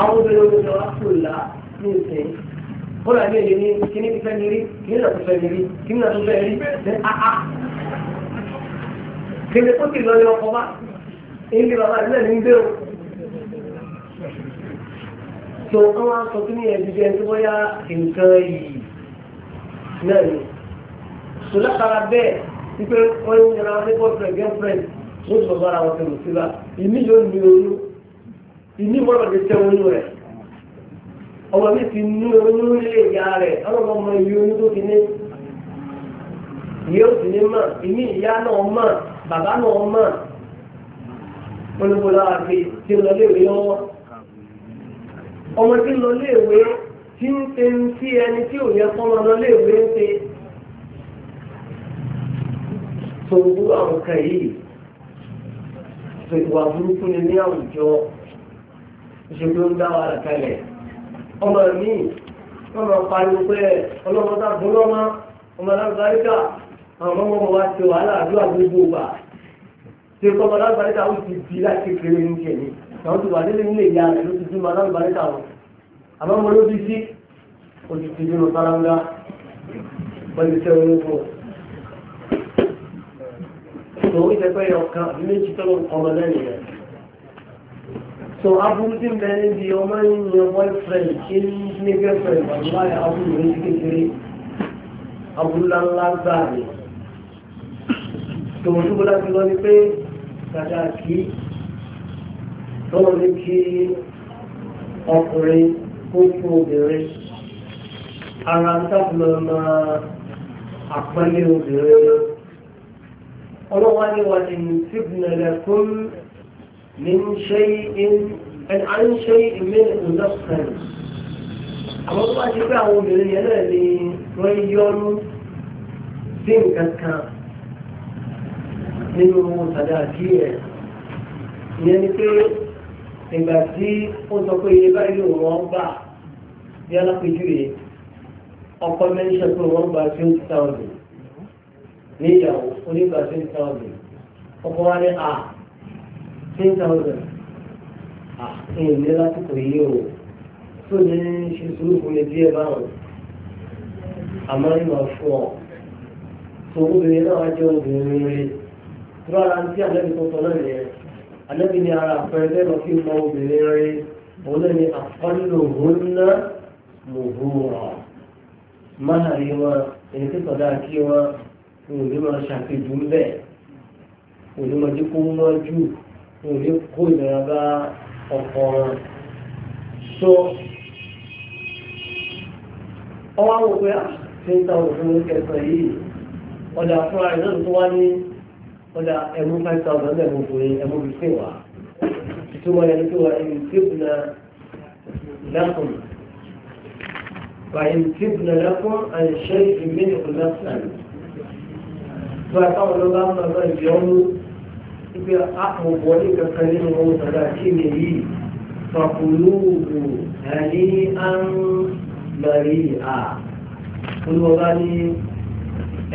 àwọn obìnrin olóòjọ́ wá kò lá ní ìsìn bọ́lá ní èyí ni kíní ti fẹ́ mi rí kíní náà tó fẹ́ mi rí kíní náà tó fẹ́ rí ní àá. Ah, ah. kéde tó ti lọ ní ọkọ bá ilé bàbá rẹ̀ náà ní gbé o. tó àwọn aṣọ tó ní ẹbí jẹ tó bóyá nǹkan yìí náà ni. tó látara bẹ́ẹ̀ wípé wọ́n ń yẹra ní boyfriend girlfriend ló ti bàbá ara wọn tẹ̀lé síbá ìmí yóò ní oyún ìmí mọ́rọ̀ lè ọmọ mi ti ní oyún ìyá rẹ̀ ọlọ́mọ ọmọ ìyá oyún tó ti ní ìyá ó sì ní mọ̀ ìní ìyá náà mọ̀ bàbá náà mọ̀ olùkọ́lá àti tí ń lọ léèwé lọ́wọ́ ọmọ tí ń lọ léèwé tí ń ṣe ń sí ẹni tí ò yẹ kọ́mọ lọ léèwé ń ṣe tó àwọn kan yìí ìwà burúkú ni ní àwùjọ ìṣègùn ń dá wàhálà kalẹ̀ ọmọ mi ọmọ pariwo pé ọlọ́mọdá bọ́lọ́mọ ọmọ alágbáríkà àwọn ọmọ wa ti wàhálà àdúrà gbogbo wa ṣe kọ́ ọmọ alágbáríkà ó ti di láti kéré ní tiẹ̀ ni àwọn ti wà nílé nílé ìyá rẹ̀ ló ti di ọmọ alágbáríkà wọn àmọ́ ọmọ ló ti sí ó ti ti nínú sáráńgá pẹ̀lú iṣẹ́ ológun tòun ìṣẹ́pẹ́ yọ kan méjì tọ́lọ́ ọmọ lẹ́yìn rẹ̀ so abúlé mẹ́rin bí ọmọ ìyẹn boyfriend ṣe ní girlfriend wàlúwàá yà abúlé ní kékeré abúlé ńlá gbáà ni tòun tó bọ́lá ti lọ ni pé dada kí tọ́wọ́ ni kí ọkùnrin kó fún obìnrin ara ń tàbílọ̀ máa àpẹẹlẹ obìnrin ọlọ́wọ́ ni wà ní sígbìnà lẹ́kùn من شيء من عن شيء من نفسا àwọn tó bá ti pé àwọn obìnrin yẹn náà ni wọ́n yọnu sí nǹkan kan nínú ohun tàbí àti ẹ̀ ìyẹn ni pé ìgbà tí ó sọ pé iye báyìí lòun wọ́n gbà bí alápèjúwe ọkọ mẹ́ńṣẹ́ pé wọ́n gba twenty thousand níyàwó onígbà twenty thousand ọkọ wa ní a ten thousand àfihàn ah, ìlú lásìkò yìí o tó ní ṣe sùúrù fún mi díẹ̀ báwọn àmọ́ ìmọ̀ fún ọ tó obìnrin náà wá jẹ́ obìnrin rere tó ara ń tí àlẹ́bí tó sọ náà nìyẹn àlẹ́bí ni ara àpẹẹrẹ bẹ́ẹ̀ lọ kí n mọ obìnrin rere òun náà ni àkọlù òun náà mò hù ọ máa rí wọn ẹni tí sọdá kí wọn òun ní máa ṣàfihàn bẹ́ẹ̀ òun ní máa jẹ́ kó mọ́ jù kò kó ìnira bá ọkọ wọn. so ọwọ́ àwọn òpin àtúntà òfin kẹsàn yìí ọjà fúnra rẹ̀ tó wá ní ọjà ẹ̀mú five ẹ̀mú obìnrin ẹ̀mú fifteen wá ìtumọ̀ yẹn ní kí wọ́n ẹ̀mí tébùnà lákùn فإن تبن لكم عن شيء منه نفسا فأقول لهم ما يوم ibi àpòpọ̀ ní kankan nínú ohun tàbí àkíní yìí fàkùlùkù ẹni à ń bẹ̀rẹ̀ à olùwọ́bá ní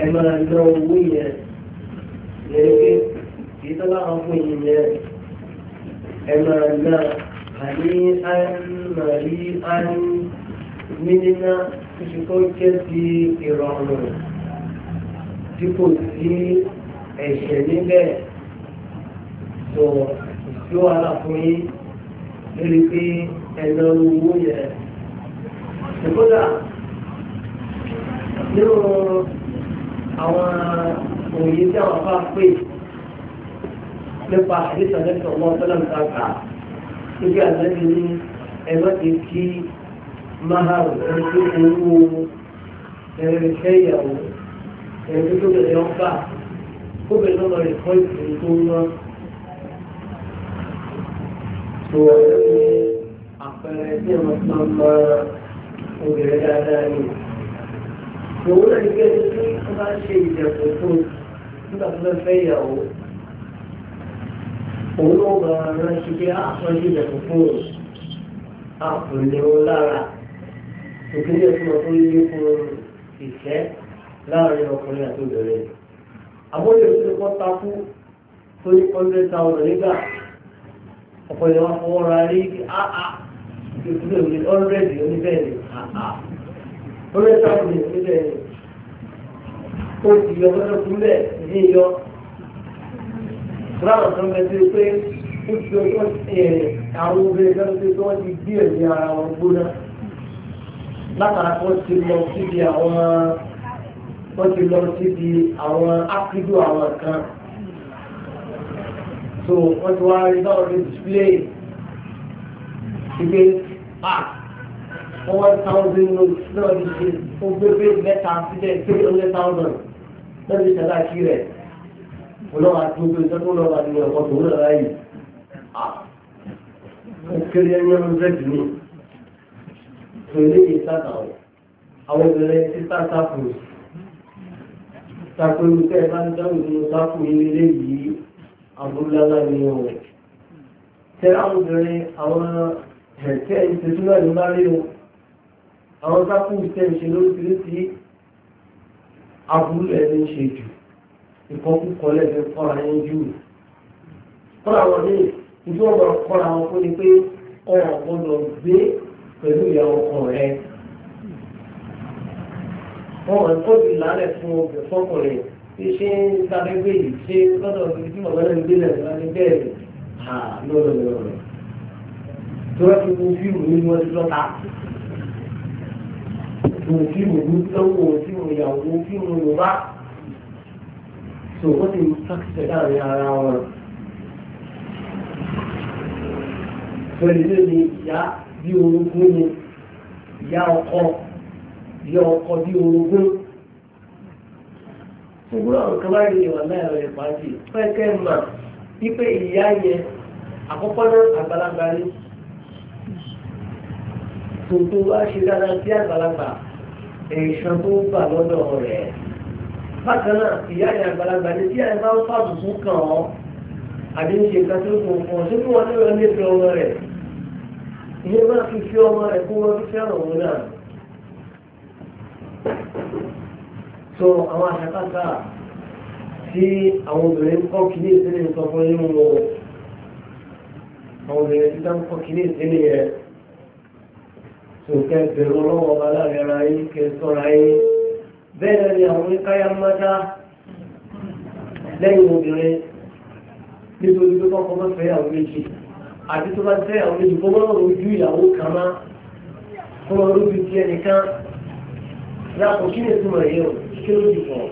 ẹ máa ná owó yẹn lẹ́gbẹ́ kìí tọ́lá àwọn fún yìí yẹn ẹ máa ná àní à ń bẹ̀rẹ̀ à ń mímíná oṣù tó jẹ́ ti ìrọ̀rùn dípò sí ẹ̀ṣẹ̀ níbẹ̀ tó tí ó wà fún yín lórí pé ẹ̀nà owó yẹn. Ìkọ́dà nínú àwọn òye tí àwọn afá pè nípa àdéhùn àdéhùn ọmọ ọ̀sán náà ń ta níbi àdéhùn ní ẹ̀rọ ti kí máa rẹ̀ sí owó ẹ̀rẹ̀kẹ́ ìyàwó ẹ̀rẹ̀ tó bẹ̀rẹ̀ ọ̀gbà kó bẹ̀rẹ̀ lọ́wọ́ rẹ̀ kọ́ tó ń wọ́n tó àpẹẹrẹ tí wọ́n ti máa ń bá obìnrin dáadáa ni. Òun náà ní pé tí wọ́n bá ṣe ìjẹ̀kùn fún nígbà tó fẹ́ fẹ́ ìyàwó. Òun náà bá rántí pé àwọn ṣe ìjẹ̀kùn fún òun. A kò ní o lára. Òkèlè tí wọ́n ọ̀pọ̀ ìlú wọn fọwọ́ ra rí àà ìdíkúlẹ̀ òní ọ̀rẹ́dì oníbẹ̀rẹ̀ àà ọ̀rẹ́dì àbúlé oníbẹ̀rẹ̀ ó ti yọ ọmọdé kúlẹ̀ ní yọ. Bùrọ̀ àwọn ọ̀sán bẹ́ẹ̀ pé ó ti ọjọ́ àwọn obìnrin kan pé wọ́n ti gbé ẹ̀mí ara wọn gbóná. Látara kan ti lọ síbi àwọn wọ́n ti lọ síbi àwọn ápídù àwọn kan so wọ́n ti wá rí báwọn ní display ṣùgbọ́n a ah, wọ́n one thousand notes náà ti ṣe ó gbé pé mẹ́ta sílẹ̀ three hundred thousand náà ti ṣẹlá kí rẹ̀ olówó àti gbogbo ìṣẹ́kù lọ́wọ́ àti ọ̀pọ̀ tó wúlọ̀ láyé a kéré ẹni ọdún rẹ̀dì ní pẹ̀lú ìsáta ọ̀ àwọn obìnrin tí sáta kù sàpéwù tẹ́ ẹ bá ń dáhùn nínú sáfù ilé yìí abúlálá ni o tẹ àwọn obìnrin àwọn ẹ̀kẹ́ ìtẹ̀síwá ni bá rí o àwọn sáfù ìtẹ̀sí lóríṣiríṣi aburú ẹni ń ṣe jù ìkọkúkọ lẹ́fẹ̀ẹ́ kọ́ra yẹn jù kọ́ra wọn ní ìjọ ọ̀rọ̀ kọ́ra wọn fún ni pé ọ̀rọ̀ gbọ́dọ̀ gbé pẹ̀lú ìyàwó kan rẹ̀ wọ́n wọ́n tó ti lálẹ̀ fún ọkùnrin ṣe ń yìí ṣe lọ́dọ̀ tí mo bá lẹ́nu bẹ́ẹ̀ ni ha lọ́dọ̀ lọ́dọ̀ tó wá fi wo fíìmù ní wọ́n lọ́ta wo fíìmù ní lọ́wọ́ fíìmù ìyàwó fíìmù yorùbá tó wọ́n ti sàkíṣẹ́ láàrin ara wọn. pẹ̀lú ìyá bí orogún ni ìyá ọkọ bí ọkọ bí orogún ṣùgbọ́n àwọn kan bá rí ìwà náà lọ yẹn pàdé pẹ́ẹ́kẹ́ mà wípé ìyá yẹn àkọ́kọ́ náà àgbàlagbà ni tuntun wá ṣe dáadáa sí àgbàlagbà èèṣàn tó gbà lọ́dọ̀ rẹ̀ bákan náà ìyá yẹn àgbàlagbà ni tí àyè bá ń fàbùkù kàn ọ́ àbí ń ṣe nǹkan tó kún fún ọ tó kún wọn lórí ọmọ rẹ̀ ìyẹn bá fi fi ọmọ rẹ̀ kún wọn fi fẹ́ràn òun náà. so àwọn àṣàkáṣà tí àwọn obìnrin ń kọ́ kíní ìsinmi sọ fún yín wọ àwọn obìnrin tí dá ń kọ́ kíní ìsinmi yẹn tó kẹ bẹ̀rù ọlọ́wọ́ ọba láàrin ara yín kẹ sọ́ra yín bẹ́ẹ̀ ni àwọn káyà mọ́tá lẹ́yìn obìnrin nítorí tó kọ́kọ́ mọ́ fẹ́ àwọn méjì àti tó bá fẹ́ àwọn méjì kó mọ́ ojú ìyàwó kan má kó ojú ti ẹnìkan lápò kí ni ìtumọ̀ yìí kí ló dìbò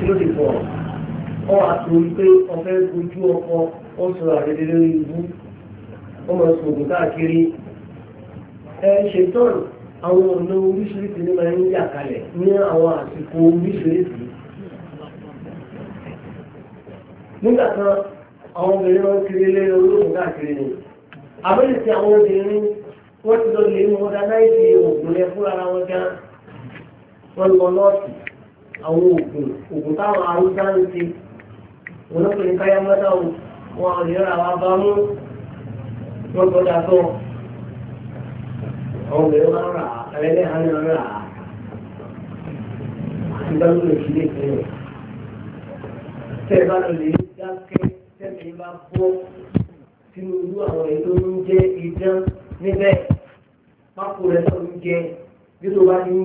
kí ló dìbò ọ àtòrí pé ọfẹ́ ojú ọkọ ó sọ̀rọ̀ àdédé lórí ibú ó mọ̀ sí ògùn káàkiri ẹ ṣètọ́nù àwọn ọ̀nà oríṣiríṣi ní máa ń yà kalẹ̀ ní àwọn àsìkò oríṣiríṣi nígbà kan àwọn obìnrin wọn kiri lé olóògùn káàkiri ni àbẹ́lẹ̀ tí àwọn obìnrin wọ́n ti lọ lè mú ọ̀dà náà ìdí òògùn yẹn fún ara wọn gan-an wọ́n lọ nọ́ọ̀sì àwọn oògùn oògùn táwọn arúgbá ń ṣe wọn náà pè ní káyá mọ́tà o wọn àwọn ìlera wa bá mú wọn gbọ́dọ̀ sọ àwọn obìnrin máa ń rà á ẹlẹ́dẹ̀ á ní wọn rà á ìdánwò lè fi lè fẹ́ rẹ̀ tẹ́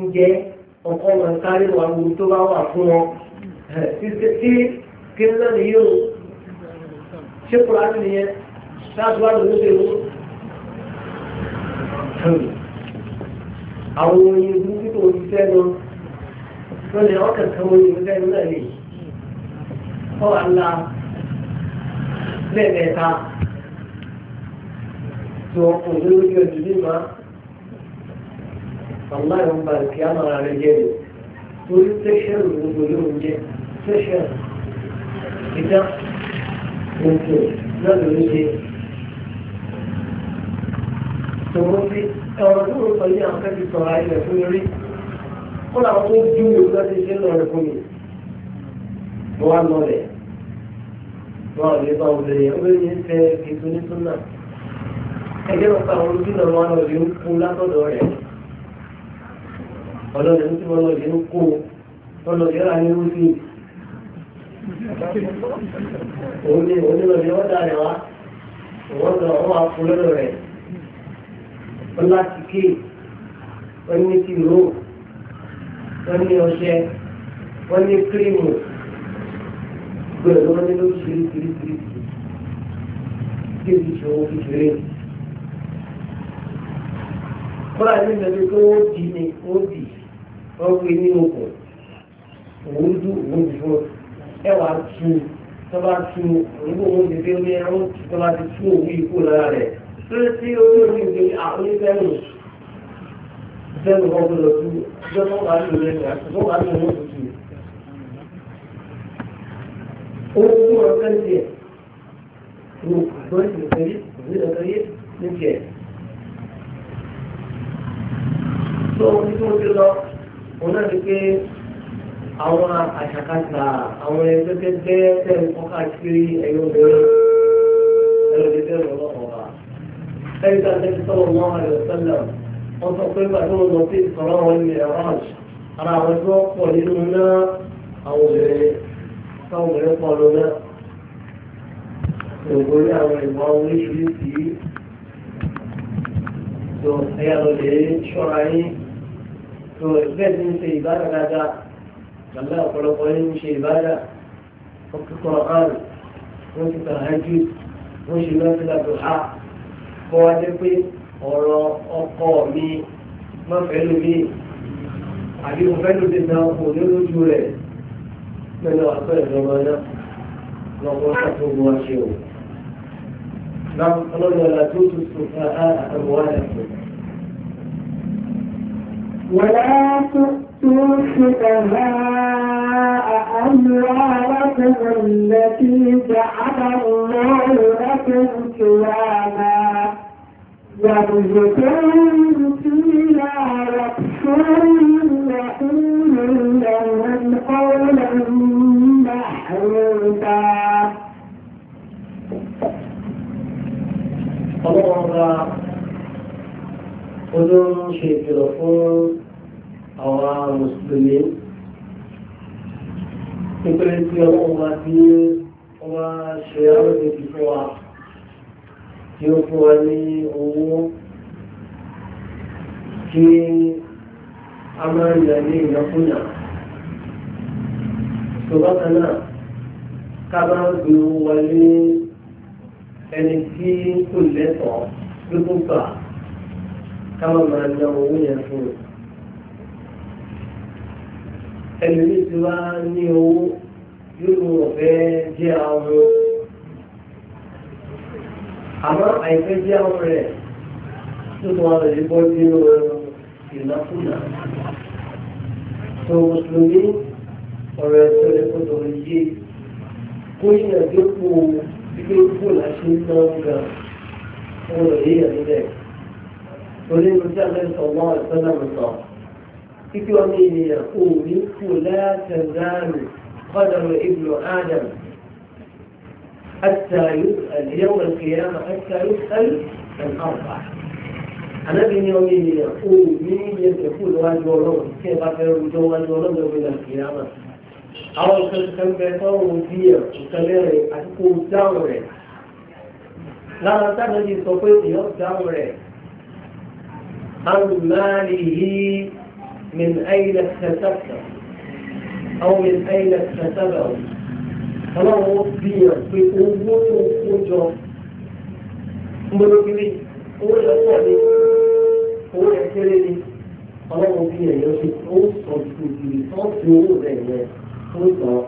ẹ bá lọ ọkọ wọn sáré wà wù tó bá wà fún wọn tí kí n náà nìyí o ṣé kúrò á nìyẹn láti wá lóyún tó yẹ àwọn oyin burúkú tó ti fẹ́ lọ lọ́lẹ̀ ọkàn kan oyin tó fẹ́ náà lè kọ́ àlá lẹ́ẹ̀mẹ́ta tó ọkùnrin lórí ní máa. Allah yóò ba kí á máa rẹ jẹ lò torí tẹ́ṣẹ̀ gbogbo yóò jẹ tẹ́ṣẹ̀ ìdá gbogbo náà ló ń jẹ. Tòun ti ọ̀rọ̀ tó ń sọ ní akẹ́kọ̀ọ́ sọ̀rọ̀ ayẹyẹ fún mi rí. Wọ́n làwọn tó ju ìlú láti ṣe ń lọ rẹ̀ fún mi. Mo wá lọ rẹ̀. Wọ́n lè bá obìnrin yẹn obìnrin yẹn fẹ́ kí n tó ní súnà. Ẹgbẹ́ lọ́pàá àwọn olùdíje wọn lọ rí ń kú látọ̀dọ̀ rẹ̀ ọlọ́rẹ̀ ní tí wọ́n lọ yẹ ń kó tọ́lọ̀ yẹ́ra ní rúfì onílọ̀lẹ̀ ọ̀dà rẹ̀ wá wọ́n lọ wọ́n á fún lọ́dọ̀ rẹ̀ ọlá ti ké wọ́n ní ti ró wọ́n ní ọṣẹ wọ́n ní kírímù gbọ́dọ̀ wọ́n ní lóṣìṣìṣìṣì kéèkì ṣòwò kékeré kọ́lá ní ìgbẹ́ni tó ó dì ní ó dì wọ́n pè ní okùn òun dùn òun dùn ẹwà tún tó bá tún òun òun ti fi omi ẹran tó bá ti tún òun ikú lára rẹ̀ tó tí ó ní omi ìgbé àwọn onífẹ́rù fẹ́rù wọn gbọdọ̀ tú ọjọ́ tó wà ní ìlú ẹ̀ka tó wà ní ìlú òtútù. Owó fún ọ̀sẹ̀ ń tiẹ̀ ní òkùnkùn ìgbésẹ̀ yìí ìgbésẹ̀ yìí ní tiẹ̀. Sọ ní tí wọ́n ti lọ òun náà ni pé àwọn àṣàkáṣà àwọn ẹgbẹ́ tẹ́tẹ́ ọkàkiri ẹ̀yọ́ obìnrin ẹ̀rọ lè bẹ̀rẹ̀ ọlọ́kọ̀ọ́ba. ẹ̀rí ká tẹ́tí sọ́wọ́ wọn àyọ̀ sẹ́lẹ̀ wọ́n sọ pé bàtí wọ́n lọ sí ìsọ̀rọ̀ àwọn ilẹ̀ raj ara àwọn tí wọ́n pọ̀ nínú náà àwọn obìnrin táwọn obìnrin pọ̀ lọ náà. ògbórí àwọn ìwà oríṣiríṣi ẹ̀yà lọ lè ṣọ́ra yín tó ẹgbẹ́ ti ń ṣe ìbára dáadáa bàbá ọ̀pọ̀lọpọ̀ ní ń ṣe ìbára ọkùnkùn ọ̀hánù wọ́n ti tàn ájú wọ́n ṣe lọ́sí láti ha kọ́ wa jẹ́ pé ọ̀rọ̀ ọkọ mi má fẹ́ lómi àbí mo fẹ́ lóde náà kò ní lójú rẹ̀ pẹ̀lú àpẹ́ ìjọba náà lọ́wọ́ sàtúngbò wa ṣe o. Náà ọlọ́run ọ̀la tó tutù fún àwọn àwọn àwọn àyàfẹ́. ولا تؤتوا السفهاء أموالكم التي جعل الله لكم قياما وارزقوهم فيها واكسوهم وقولوا لهم قولا محروسا الله ó ló ń ṣe ìkìlọ̀ fún àwọn mùsùlùmí nítorí tí ọlọ́run bá tí wọ́n bá ṣe àròjì fún wa tí ó fún wa ní owó tí a máa ń yà ní ìnákúnyà tó bákan náà ká bá ń gbé owó wa ní ẹni tí kò lẹ́tọ̀ọ́ ló káwọn máa ná owó yẹn fún un ẹlòmíì ti wá ní owó yóò mú ọ̀fẹ́ jẹ́ àwọn àmọ́ àìfẹ́ jẹ́ àwọn rẹ̀ tó tún àwọn èdè bọ́ nínú ìnákúnà tó mùsùlùmí ọ̀rọ̀ ẹ̀sọ́ ẹ̀kọ́ tó lè yé kó yíyan dípò gbígbé kó láṣẹ náà ga ọ̀rọ̀ yíyan níbẹ̀. فلن الله صلى الله عليه وسلم الصلاة كيف يؤمن يقول لا تزال قدر ابن آدم حتى يسأل يوم القيامة حتى يسأل الأربع أنا بن يومين يقول من يقول واجولون كيف أفعل جو واجولون من القيامة أول كل كم بيتون وزير وكبيري أتقول دوري لا تعمل دي صفيتي يوم دوري عن ماله من أين اكتسبته أو من أين اكتسبه فلو بيا في أمور وجوه ملوكي أول أولي أول أكتريني فلو بيا يوشي أوصل في الإنسان في أمور ذهنية أوصل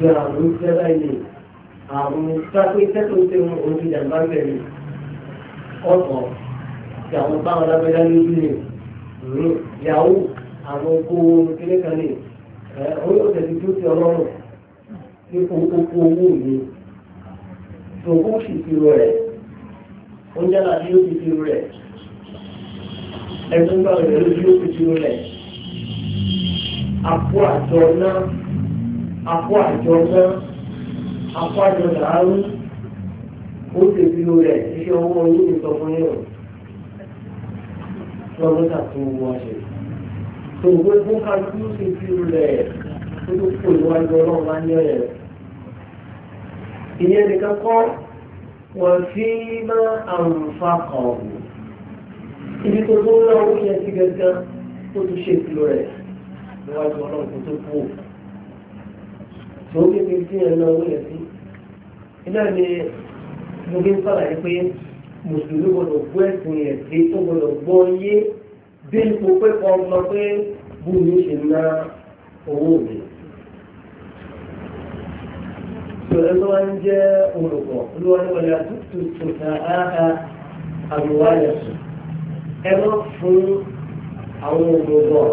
يا عروس جبالي عروس تاكوي تاكوي تاكوي تاكوي تاكوي تاكوي ìyàwó báwọn lábẹ́lá lójú ni ìyàwó àwọn oko kékeré kan ní orí ọ̀sẹ̀ ti tó ti ọlọ́run ní kókó owó mi tó ó sì fi rẹ̀ oúnjẹ láti yóò fi fi rẹ̀ ẹgbẹ́ gbàgbé lójú yóò fi fi rẹ̀ àpò àjọ náà àpò àjọ náà àpò àjọ dàárú ó sì fi rẹ̀ iṣẹ́ owó orí ìsọfúnni rẹ̀ lọ́gọ́ta tó wọ́n ṣe. tó gbogbo ẹgbẹ́ kálukú sì fi rẹ̀ tó tó kó ìwájú ọlọ́run bá ní ọ̀rẹ́ rẹ̀. ìyẹn nìkan kọ́ wọ́n fi máa àǹfà kàn ọ̀hún. ibi tó tó ń lọ owó yẹn ti gẹ́gẹ́ tó tó ṣe ìfìlò rẹ̀ níwájú ọlọ́run tó kú. tó kékeré tí yẹn lọ owó yẹn sí. iná mo gbé ń yẹn pé mùsùlùmí gbọdọ̀ gbọ́ ẹ̀sìn ẹ̀sìn tó gbọdọ̀ gbọ́ yé bí ipò pé kọ́ lọ pé bú mi ṣe ná owó mi. Sọ̀rọ̀ ló wá ń jẹ́ olùkọ́ olúwaníwọlé àtúntò tòta áhà àlùwáyàsùn. Ẹ má fún àwọn olùkọ́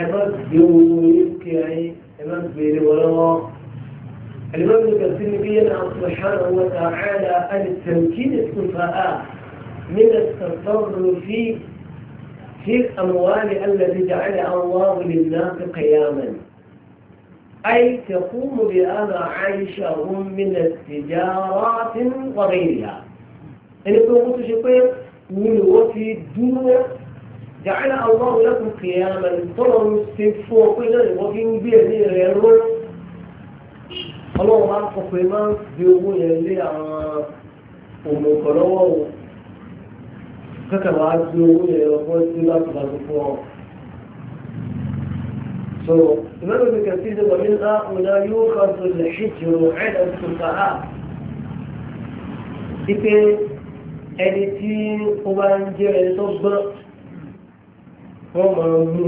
ẹ má gbé owó orí kí ẹ má gbé wọn lọ́wọ́. الإمام الكثير بينا سبحانه وتعالى أن تمكين الكفاءة من التصرف في الأموال الذي جعل الله للناس قياما أي تقوم بأن عيشهم من التجارات وغيرها إن كنت شقيق من وفي الدنيا جعل الله لكم قياما طلعوا السفوة وفي مبيع من غيره ọlọ́run máa ń kọ máa ń fi owó yẹn lé àwọn òmùkọ̀ lọ́wọ́ o fi owó yẹn lọ fún ẹtí láti bàtú fún ọ. so ìmọ̀lẹ́ mi kẹ́ sí ṣe wọ́n ní ká yóò kà tó lè ṣì jù ú ẹ̀dá tó fà á. ipe ẹni tí ó bá ń jẹ́ ẹni tó gbọ́n wọ́n máa ń mú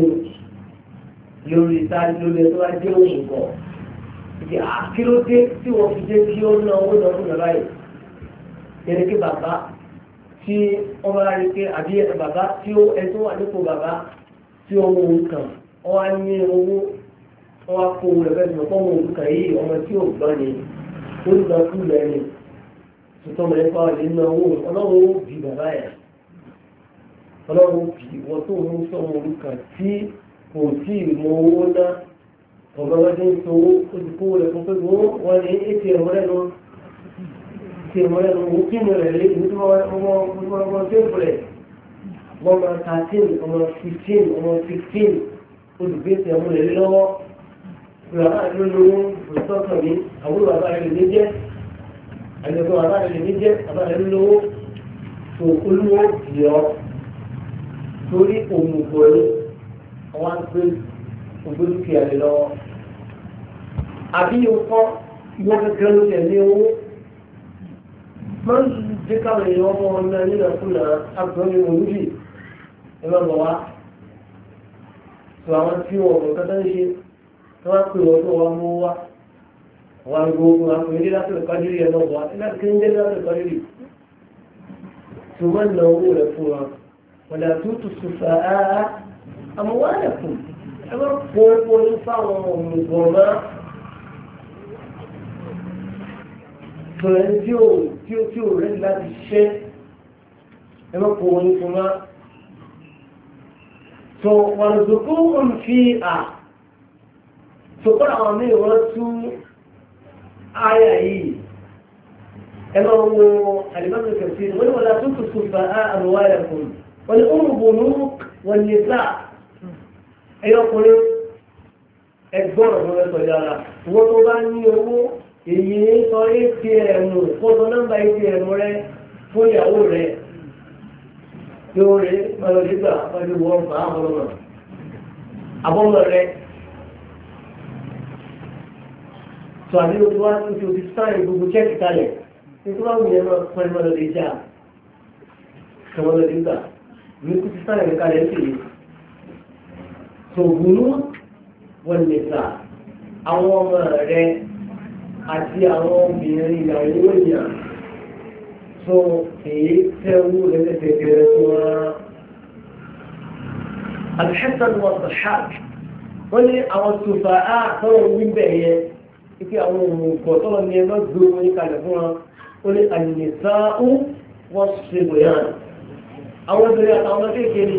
lórí ìta lórí ẹni tó ìdí àkílódé tí wọ́n fi jẹ́ kí ó ná owó lọ́dún lọ́la yìí yẹn ni kí bàbá tí ọba rí pé àbí bàbá tí ó ẹni tó wà nípò bàbá tí ó wọ nǹkan ọwá ní owó ọwá kó owó rẹ̀ bẹ́ẹ̀ tí wọ́n kọ́ wọ nǹkan yìí ọmọ tí ò gbọ́ ni ó ń lọ kú lẹ́ tuntun mọ̀ nípa ọ̀lẹ́ ná owó ọlọ́run ó bì bàbá yẹn ọlọ́run ó bì wọ́n tó ń sọ wọn orúkọ tí kò tí ì mọ owó náà ọ̀gá wọn ti ń so owó ó ti kó rẹ̀ fún pé wọ́n ní atm lẹ́nu atm lẹ́nu owó kí ni rẹ̀ lé ìlú tí wọ́n wọ́n tẹ́ẹ̀bù rẹ̀ wọ́n máa thirteen ọmọ fifteen ọmọ fifteen olùgbé atm rẹ̀ lé lọ́wọ́ bàbá rẹ̀ ló lówó ìtọ́sọ̀ mi àbúrò bàbá rẹ̀ lè jẹ́ àjọ̀gbọ́n bàbá rẹ̀ lè ògbóni fi àlè lọ́wọ́ àbí yóò kọ́ ìwọ gẹ́gẹ́ ló tẹ̀ ní owó máa ń jẹ́ káwọn èèyàn ọmọ ọ̀nà nílẹ̀kùnà agbọ́nni òwúrì ẹ máa lọ wá tó àwọn tí wọn ọ̀rọ̀ kátà ṣe tó wá pè wọ́n tó wá mú wá wọn àgbo wọn àpò ilé láti ọ̀ká lírí ẹ̀ náà wá láti kí ń jẹ́ láti ọ̀ká lírí tó máa ń owó rẹ̀ fún wa wọ́n dà tó tù sùfà á àmọ́ wọ́n rẹ̀ fún un ẹ bá kó owó ní fáwọn òmùgọ̀ mọ́ tòun tí ò tí ò tí ò rẹ̀ láti ṣe ẹ bá kó ní fún wa. tó warzuquhum fiha tó kọ́ àwọn míì wọ́n tún áyà yìí ẹ máa wo àlìmọ́tò kẹfì wọ́n ní wọ́n la tó tó tó fa àmúwáyà fún wọ́n ní ó ń bò ní wọ́n ní sáà ẹyọ ọkùnrin ẹgbọ́n ọ̀dọ́ rẹ sọ yára wọ́n tó bá ní owó èyí ń sọ atm kó sọ nọ́mbà atm rẹ fún ìyàwó rẹ yóò rí ọlọ́dígbà pẹ̀lú wọn bá àwọn ọmọ àbọ̀mọ̀ rẹ. sọ àdéhùn tí wọ́n ti fi sáyẹn gbogbo chẹ́ẹ̀kì kalẹ̀ nítorí àwọn ènìyàn náà pẹ̀lú ọlọ́dígbà kí wọ́n lọ́dígbà ní kí kalẹ̀ ń tèlé tògùnú wọ̀nìta àwọn ọmọ rẹ àti àwọn obìnrin ìyàwó èèyàn tó èyí tẹ́wú lẹ́lẹ́tẹ̀ẹ̀rẹ̀ tó rán. Àbíṣẹ́sán wọn sàṣáàk wọ́n ní àwọn tòfà á tọ́rọ wíbẹ̀ yẹ ike àwọn òmùgọ̀ tọ́rọ ní ẹgbẹ́ gbé wọn kalẹ̀ fún wọn ó ní àyìnbá ó wọ́n ṣe bòyàn àwọn obìnrin àtàwọn kékeré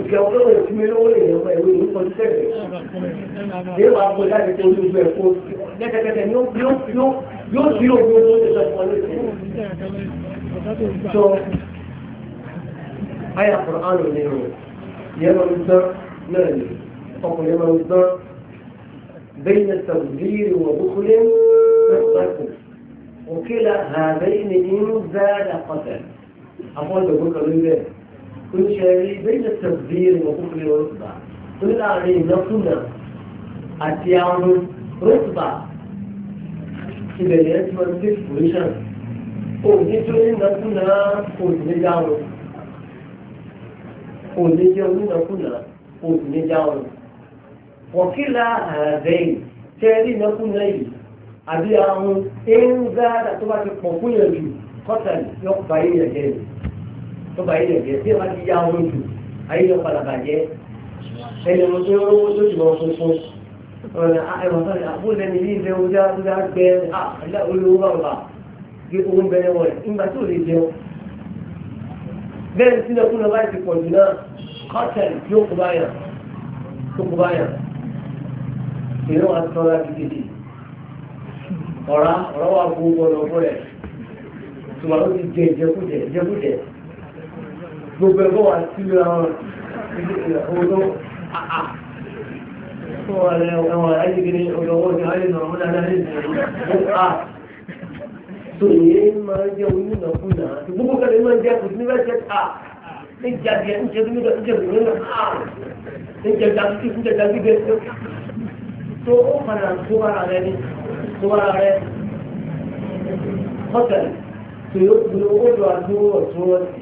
Òkè ọ̀rọ̀ rẹ̀ fún mi lówó lè lọ́wọ́ ìwé ìlú kan tẹ̀lé. Bí wàá kó láti tó ojú ẹ̀ kó kẹ́kẹ́kẹ́kẹ́ yóò sí òkú tó ti sọ fún ọ So, àyà Kùránù ni o, yẹn máa ń dán náà ni, ọkùnrin máa ń dán bẹ́yìn tàbílì wọ̀ búkúlé lọ́pàá وكلا هذين إن زاد قتل أقول لك ليه كل شيء بين التدبير وكفر ورتبة كل أعلين نصنا أتيان رتبة سبيليات مرتب ويشان òdíjọ́lé nàkúnà òdìlẹ́jáwọ̀ òdíjọ́lé nàkúnà òdìlẹ́jáwọ̀ wọ̀kílá àrẹ̀yìn tẹ́rí nàkúnà yìí àbí àwọn ẹ̀rùn gáàdà tó bá ti pọ̀ fún yẹn jù kọ́tà yọ̀ọ̀bá yẹn jẹ́ yìí tó bá yẹ jẹ tí wọn ti yá wọn jù ayé lọ padà bàjẹ́ ẹni mo tó rówó tó jù wọn funfun ọ̀rọ̀ ẹ̀wọ̀n sọ́ni àbúlé ní ilé ojú àbújá gbẹ ah, àlẹ́ olówó bàbà gbé owó ń bẹ̀rẹ̀ wọ̀nyí nígbà tó lè jẹun bẹ́ẹ̀ sílẹ̀ kúlọ̀ báyìí ti pọ̀ jù náà kọ́tẹ̀lì tí ó kú báyà tó kú báyà ìlú wa tọ́lá gidigidi ọ̀rá ọ̀rọ̀ wa gbogbo ọ̀nà ọ̀gbọ́n rẹ̀ tùmọ̀ ló ti jẹ ìjẹkújẹ ìjẹkújẹ gbogbo ẹgbọ́ wà sí àwọn ọdọ́ àwọn àìjíkiri ọdọ́wọ́ ní àìyàn àwọn aláàrẹ̀ tó èyí máa jẹ́ onínà fún náà tó gbogbo kẹrẹ máa jẹ́ kò ah. ní rẹ́ṣẹ́ ta ní jàdìyà ní jẹ́dún nígbà tó jẹ́dún nígbà ní jẹ́dà tó fún jẹ́dà gbígbé tó ó padà tó bára rẹ ní tó bára rẹ họ́tẹ̀lì tó yóò tó ó lọ àdúró ọ̀tún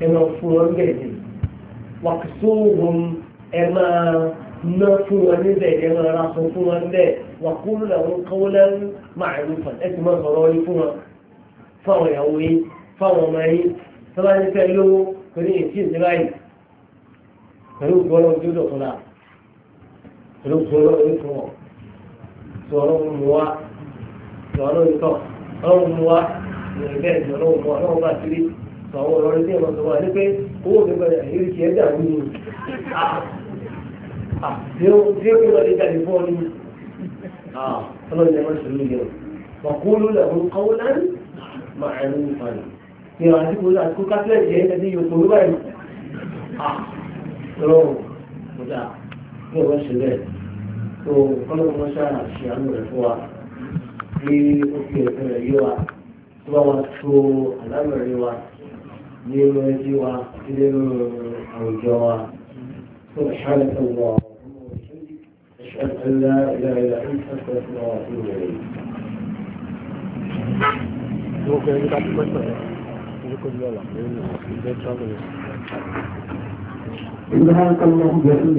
ẹ máa fún wọn bẹ́ẹ̀ ni wàkìsóhùn ẹ máa ná fún wọn níbẹ̀ ẹ máa ra fún fún wọn bẹ́ẹ̀ wàkúrú làwọn kọ́wọ́ lẹ́nu máa ń fà ẹ sì máa sọ̀rọ̀ yín fún wọn fáwọn ìyàwó yín fáwọn ọmọ yín sábà ní fẹ́ lówó pẹ̀lú èsì ìdílá yìí pẹ̀lú gbọ́dọ̀ ojú dọ̀tún náà pẹ̀lú gbọ́dọ̀ ojú fún wọn sọ̀rọ̀ mu sọ̀rọ̀ ìtọ̀ ọlọ́run mu wá ìrìn ọlọ́run mu ọlọ́run bá ti rí àwọn ọ̀rọ̀ ilé ọ̀rọ̀ tọ́wọ́ ní pé owó pẹ̀lú ìrírí ti ẹ̀dà ní ní àti ó kúrò nígbà ní fọ́ ní ọlọ́dún ẹ̀mọ́ sí lóye ọ̀ ọ̀kúrú lẹ́hùn kọ́wọ́ náà máa ẹ̀rù ìfàlù ní àwọn àti kúrò àti kúkà sílẹ̀ jẹ́ ẹ̀dí yòókù ní báyìí ọlọ́run kódà ní ọ̀rọ̀ sí bẹ́ẹ̀ tó ọlọ́run mọ́ sáà ṣe ní ó fi ẹ̀sẹ̀ tó bá nínú ẹbí wa nínú àwùjọ wa سبحانك اللهم وبحمدك أشهد أن لا إله إلا أنت أستغفرك وأتوب إليك. Okay, you got the question. سبحانك اللهم وبحمدك